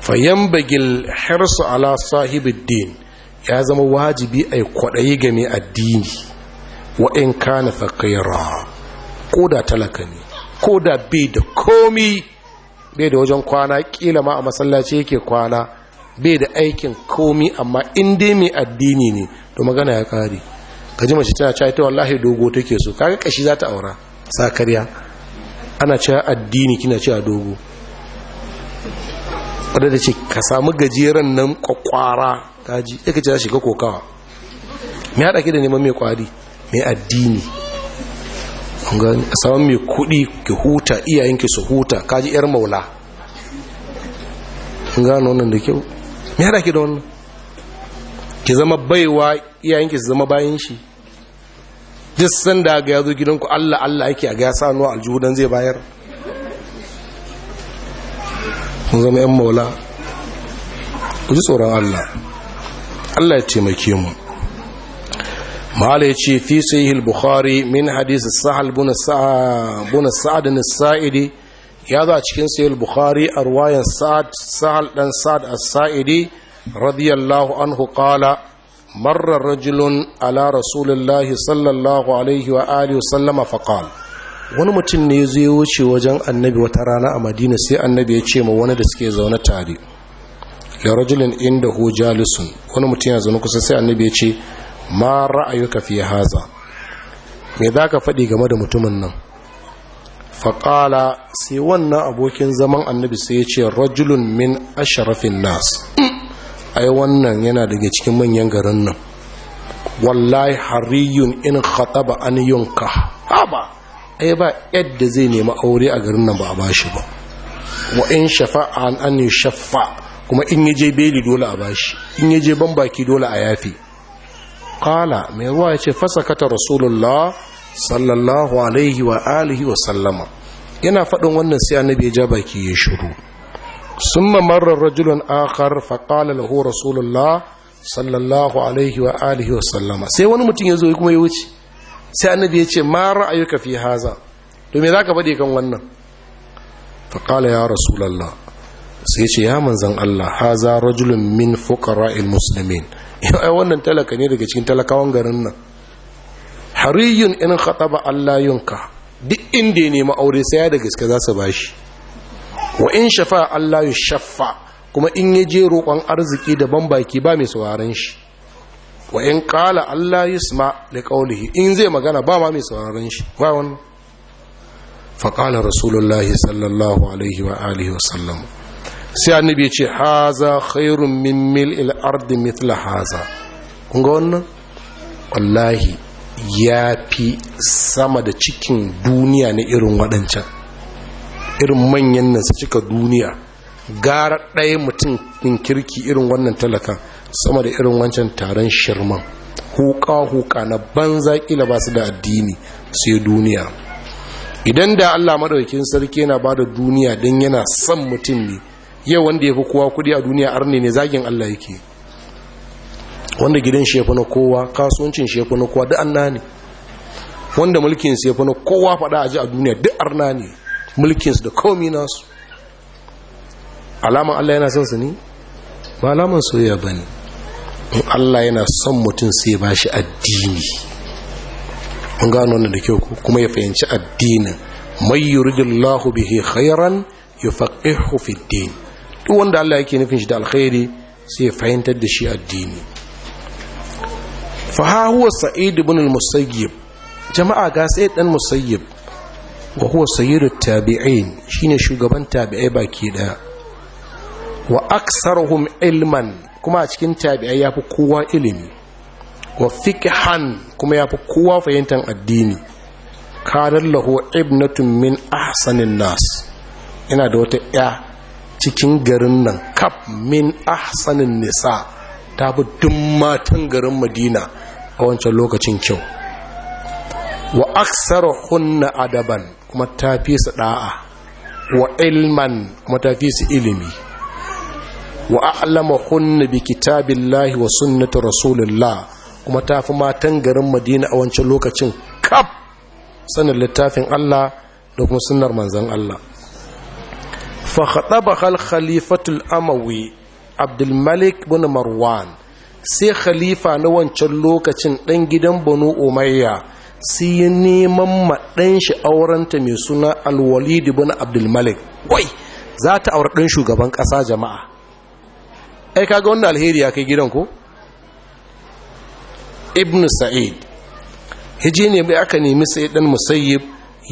fayan bagil hirsu ala sahibiddin ya zama wajibi a kwaɗayi ga mai addini in kana faƙira ko da talaka ne ko da bai da komi bai da wajen kwana kila ma a masallaci yake kwana bai da aikin komi amma in dai mai addini ne to magana ya kare kaji mace tana cewa ita wallahi dogo take so kaga kashi za ta aura sakarya ana cewa addini kina cewa dogo wadda da ce ka samu gajeren nan kwakwara kaji ya kace za shiga kokawa mai haɗa ki da neman mai kwari mai addini gani a saman mai kudi ki huta iyayenki su huta kaji yar maula gano wannan da kyau me hada ki da wannan ki zama baiwa iyayenki su zama bayan shi duk sanda ga yazo gidanku Allah Allah yake a ga ya sanu aljuhudan zai bayar kun zama yan maula ku ji tsoron Allah Allah ya taimake mu mala ya ce fi sahih bukhari min hadith sahal bin sa'ad bin sa'idi ya zo a cikin sahih bukhari a ruwayan sa'ad sahal dan sa'ad as-sa'idi radiyallahu anhu qala marra rajulun ala rasulillahi sallallahu alaihi wa alihi wa sallama wani mutum ne zai wuce wajen annabi wata rana a madina sai annabi ya ce ma wani da suke zaune tare da rajulin inda hu jalisun wani mutum ya zaune kusa sai annabi ya ce ma ra'ayuka fi haza me zaka ka faɗi game da mutumin nan faƙala sai wannan abokin zaman annabi sai ya ce rajulun min asharafin nas ai wannan yana daga cikin manyan garin nan wallahi hariyun in khataba an yunka haba ai ba yadda zai nemi aure a garin nan ba a bashi ba wa in shafa'an an an kuma in yaje beli dole a bashi in yaje baki dole a yafi qala mai ruwa ya ce fasakata rasulullah sallallahu alaihi wa alihi wa sallama yana faɗin wannan sai annabi ya ja baki ya shiru summa marra rajulun akhar fa qala lahu rasulullah sallallahu alaihi wa alihi wa sallama sai wani mutum ya zo kuma ya wuce sai annabi ya ce ma ra'ayuka fi haza to me zaka faɗi kan wannan fa qala ya rasulullah sai ya ce ya manzan Allah haza rajulun min fuqara'il muslimin ai wannan talaka ne daga cikin talakawan garin nan hariyun in khataba Allah yunka duk inda ya nemi aure sai ya da gaske za su bashi wa in shafa Allah ya shafa kuma in ya je roƙon arziki da ban baki ba mai sauraron shi wa in kala Allah ya sma da kaulihi in zai magana ba ma mai sauraron shi ba wannan fa rasulullahi sallallahu alaihi wa alihi wa sallam sai annabi ce haza khairun min mil'il ardi mithla haza kun ga wannan wallahi ya fi sama da cikin duniya na irin waɗancan irin manyan nan su cika duniya gara ɗaya mutum ɗin kirki irin wannan talakan sama da irin wancan taron shirman huka-huka na banza kila ba su da addini sai duniya idan da allah madaukin sarki yana ba da duniya don yana son mutum ne yau wanda ya fi kowa kudi a duniya arni ne zagin Allah yake wanda gidan shi ya fi na kowa kasuwancin shi ya fi na kowa duk arna ne wanda mulkin su ya fi na kowa faɗa a ji a duniya duk arna ne mulkin su da komi nasu alaman Allah yana son su ne ba alaman soyayya ba ne in Allah yana son mutum sai ba shi addini mun gano wannan da kyau kuma ya fahimci addinin mai yuridillahu bihi khairan yufaqihu fid din duk wanda Allah yake nufin shi da alkhairi sai ya fahimtar da shi addini fa ha huwa sa'id ibn al-musayyib jama'a ga sai dan musayyib wa huwa at tabi'in shine shugaban tabi'ai baki ɗaya. wa aktsaruhum ilman kuma a cikin tabi'ai yafi kowa ilimi wa fiqhan kuma yafi kowa fahimtar addini kanar ibnatun min ahsanin nas ina da wata ya cikin garin nan kaf min ahsanin nisa ta bi duk matan garin madina a wancan lokacin kyau wa aksar hunna adaban kuma ta fi su da'a wa ilman kuma ta fi su ilimi wa a'lama hunna bi kitabillahi wa sunnati rasulillah kuma ta fi matan garin madina a wancan lokacin kaf sanin littafin Allah da kuma sunnar manzon Allah fa khatabaha al-khalifatul amawi abdulmalik bin marwan sai khalifa na wancan lokacin ɗan gidan banu umayya sai ya neman maɗan shi aurenta mai suna alwalid bin abdulmalik wai za ta aure ɗan shugaban ƙasa jama'a ai kaga wanda alheri ya kai gidan ibn sa'id hiji ne aka nemi sai ɗan musayyib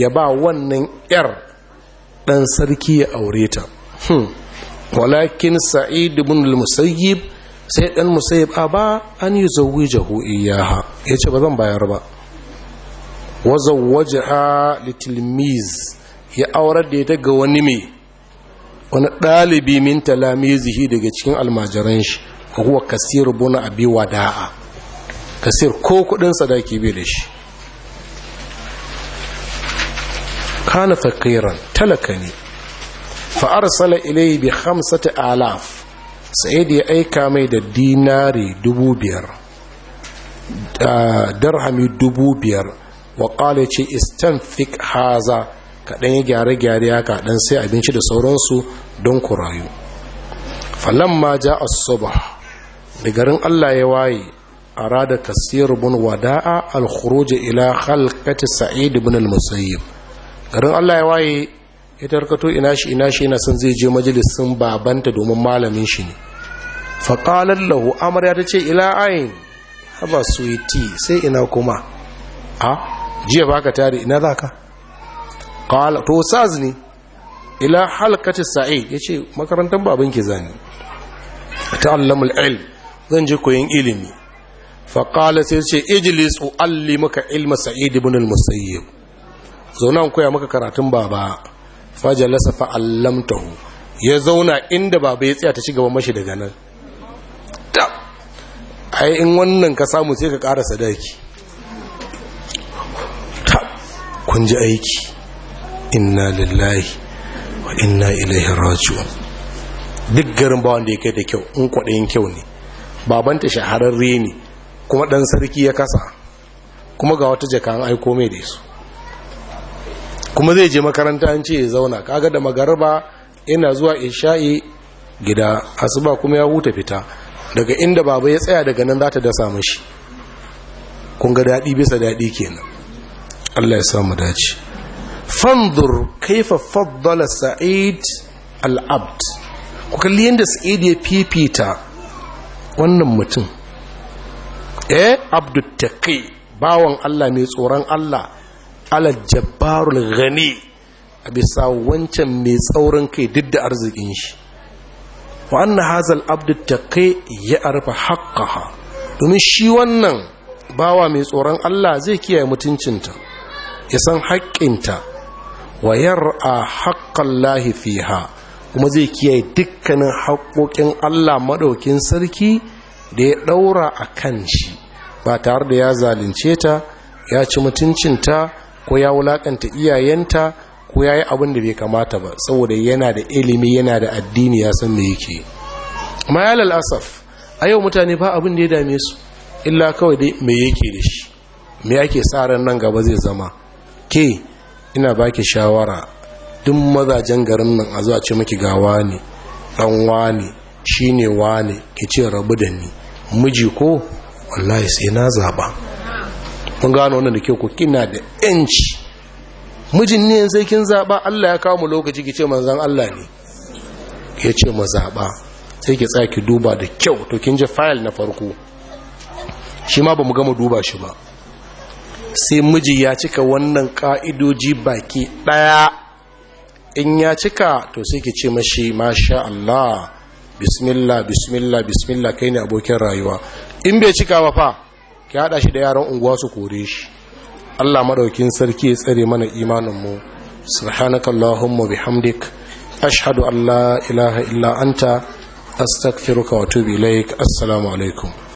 ya ba wannan 'yar ɗan sarki ya aure ta hmm. walakin sa'id ibn al-musayyib sai ɗan musayyib a ba an yi jahu iyaha Ya ce ba zan bayar ba wa zawwajaha litilmiz ya aurar da ita ga wani mai wani ɗalibi min talamizihi daga cikin almajiran shi huwa kasir ibn abi wada'a kasir ko kudin sadaki bai da shi kana fakiran talaka ne fa arsala ilayhi bi khamsati alaf sa'id ya aika mai da dinari dubu biyar darhami dubu biyar wa qala ce fik haza kaɗan ya gyare-gyare ya kaɗan sai abinci da sauransu don ku rayu Falon ma ja a asuba da garin allah ya waye arada kasir bin wada'a al ila halkata sa'id bin al-musayyib garin Allah ya waye ya tarkato ina shi ina shi na son zai je majalisin babanta domin malamin shi ne faƙalar lahu amarya ta ce ila ayin haba suwiti sai ina kuma a ah, jiya ba ka tare ina za ka ƙala to saz ne ila halkati sa'id ya ce makarantar babin ki zani ta allamul ilm zan je koyin ilimi faƙala sai ce ijilis u'alli maka ilma sa'id ibn al-musayyib zauna an koya maka karatun baba fajalasa fa'allamtahu ya zauna inda baba ya tsaya ta ci gaba mashi daga nan ai in wannan ka samu sai ka ƙara sadaki kun ji aiki inna lillahi wa inna ilaihi raji'un duk garin bawan da ya kai da kyau in kwaɗayin kyau ne babanta shahararre ne kuma ɗan sarki ya kasa kuma ga wata jaka an aiko mai da su kuma zai je makaranta an ce ya zauna kaga da magarba ina zuwa isha'i gida asuba kuma ya huta fita daga inda baba ya tsaya daga nan za ta dasa mashi kun ga daɗi bisa daɗi kenan Allah ya samu dace fanzur kaifa faddala sa'id al'abd ku kalli yadda sa'id ya fifita wannan mutum eh abdul takai bawan Allah mai tsoron Allah alajabbarul gani a bisa wancan mai tsaurin kai duk da arzikin shi wa hazal abdu taqi ya arfa haqqaha domin shi wannan bawa mai tsoron Allah zai kiyaye mutuncinta ya san haƙƙinta wa yar'a lahi fiha kuma zai kiyaye dukkanin haƙoƙin Allah maɗaukin sarki da ya ɗaura a kan shi ba tare da ya zalunce ta ya ci mutuncinta ko ya wulakanta iyayenta ko ya yi abin da bai kamata ba saboda yana da ilimi yana da addini ya san me yake mayal al'asaf a yau mutane ba abin da ya dame su illa kawai dai me yake da shi me yake sa ran nan gaba zai zama ke ina baki shawara duk mazajen garin nan a zuwa ce miki ga ne dan shine wane ki ce rabu da ni miji ko wallahi sai na zaba mun gano wannan da ke ku kina da yanci mijin ne sai kin zaba Allah ya kawo mu lokaci ki ce manzon Allah ne ya ce mu zaba sai ki tsaya ki duba da kyau to kin je file na farko shi ma bamu gama duba shi ba sai miji ya cika wannan ka'idoji baki daya in ya cika to sai ki ce mashi masha Allah bismillah bismillah bismillah kai ne abokin rayuwa in bai cika ba fa ki hada shi da yaran unguwa su kore shi Allah maɗaukin sarki ya tsare mana imaninmu subhanakallahumma bihamdik ashhadu an la ilaha illa anta astaghfiruka wa atubu ilaik assalamu alaikum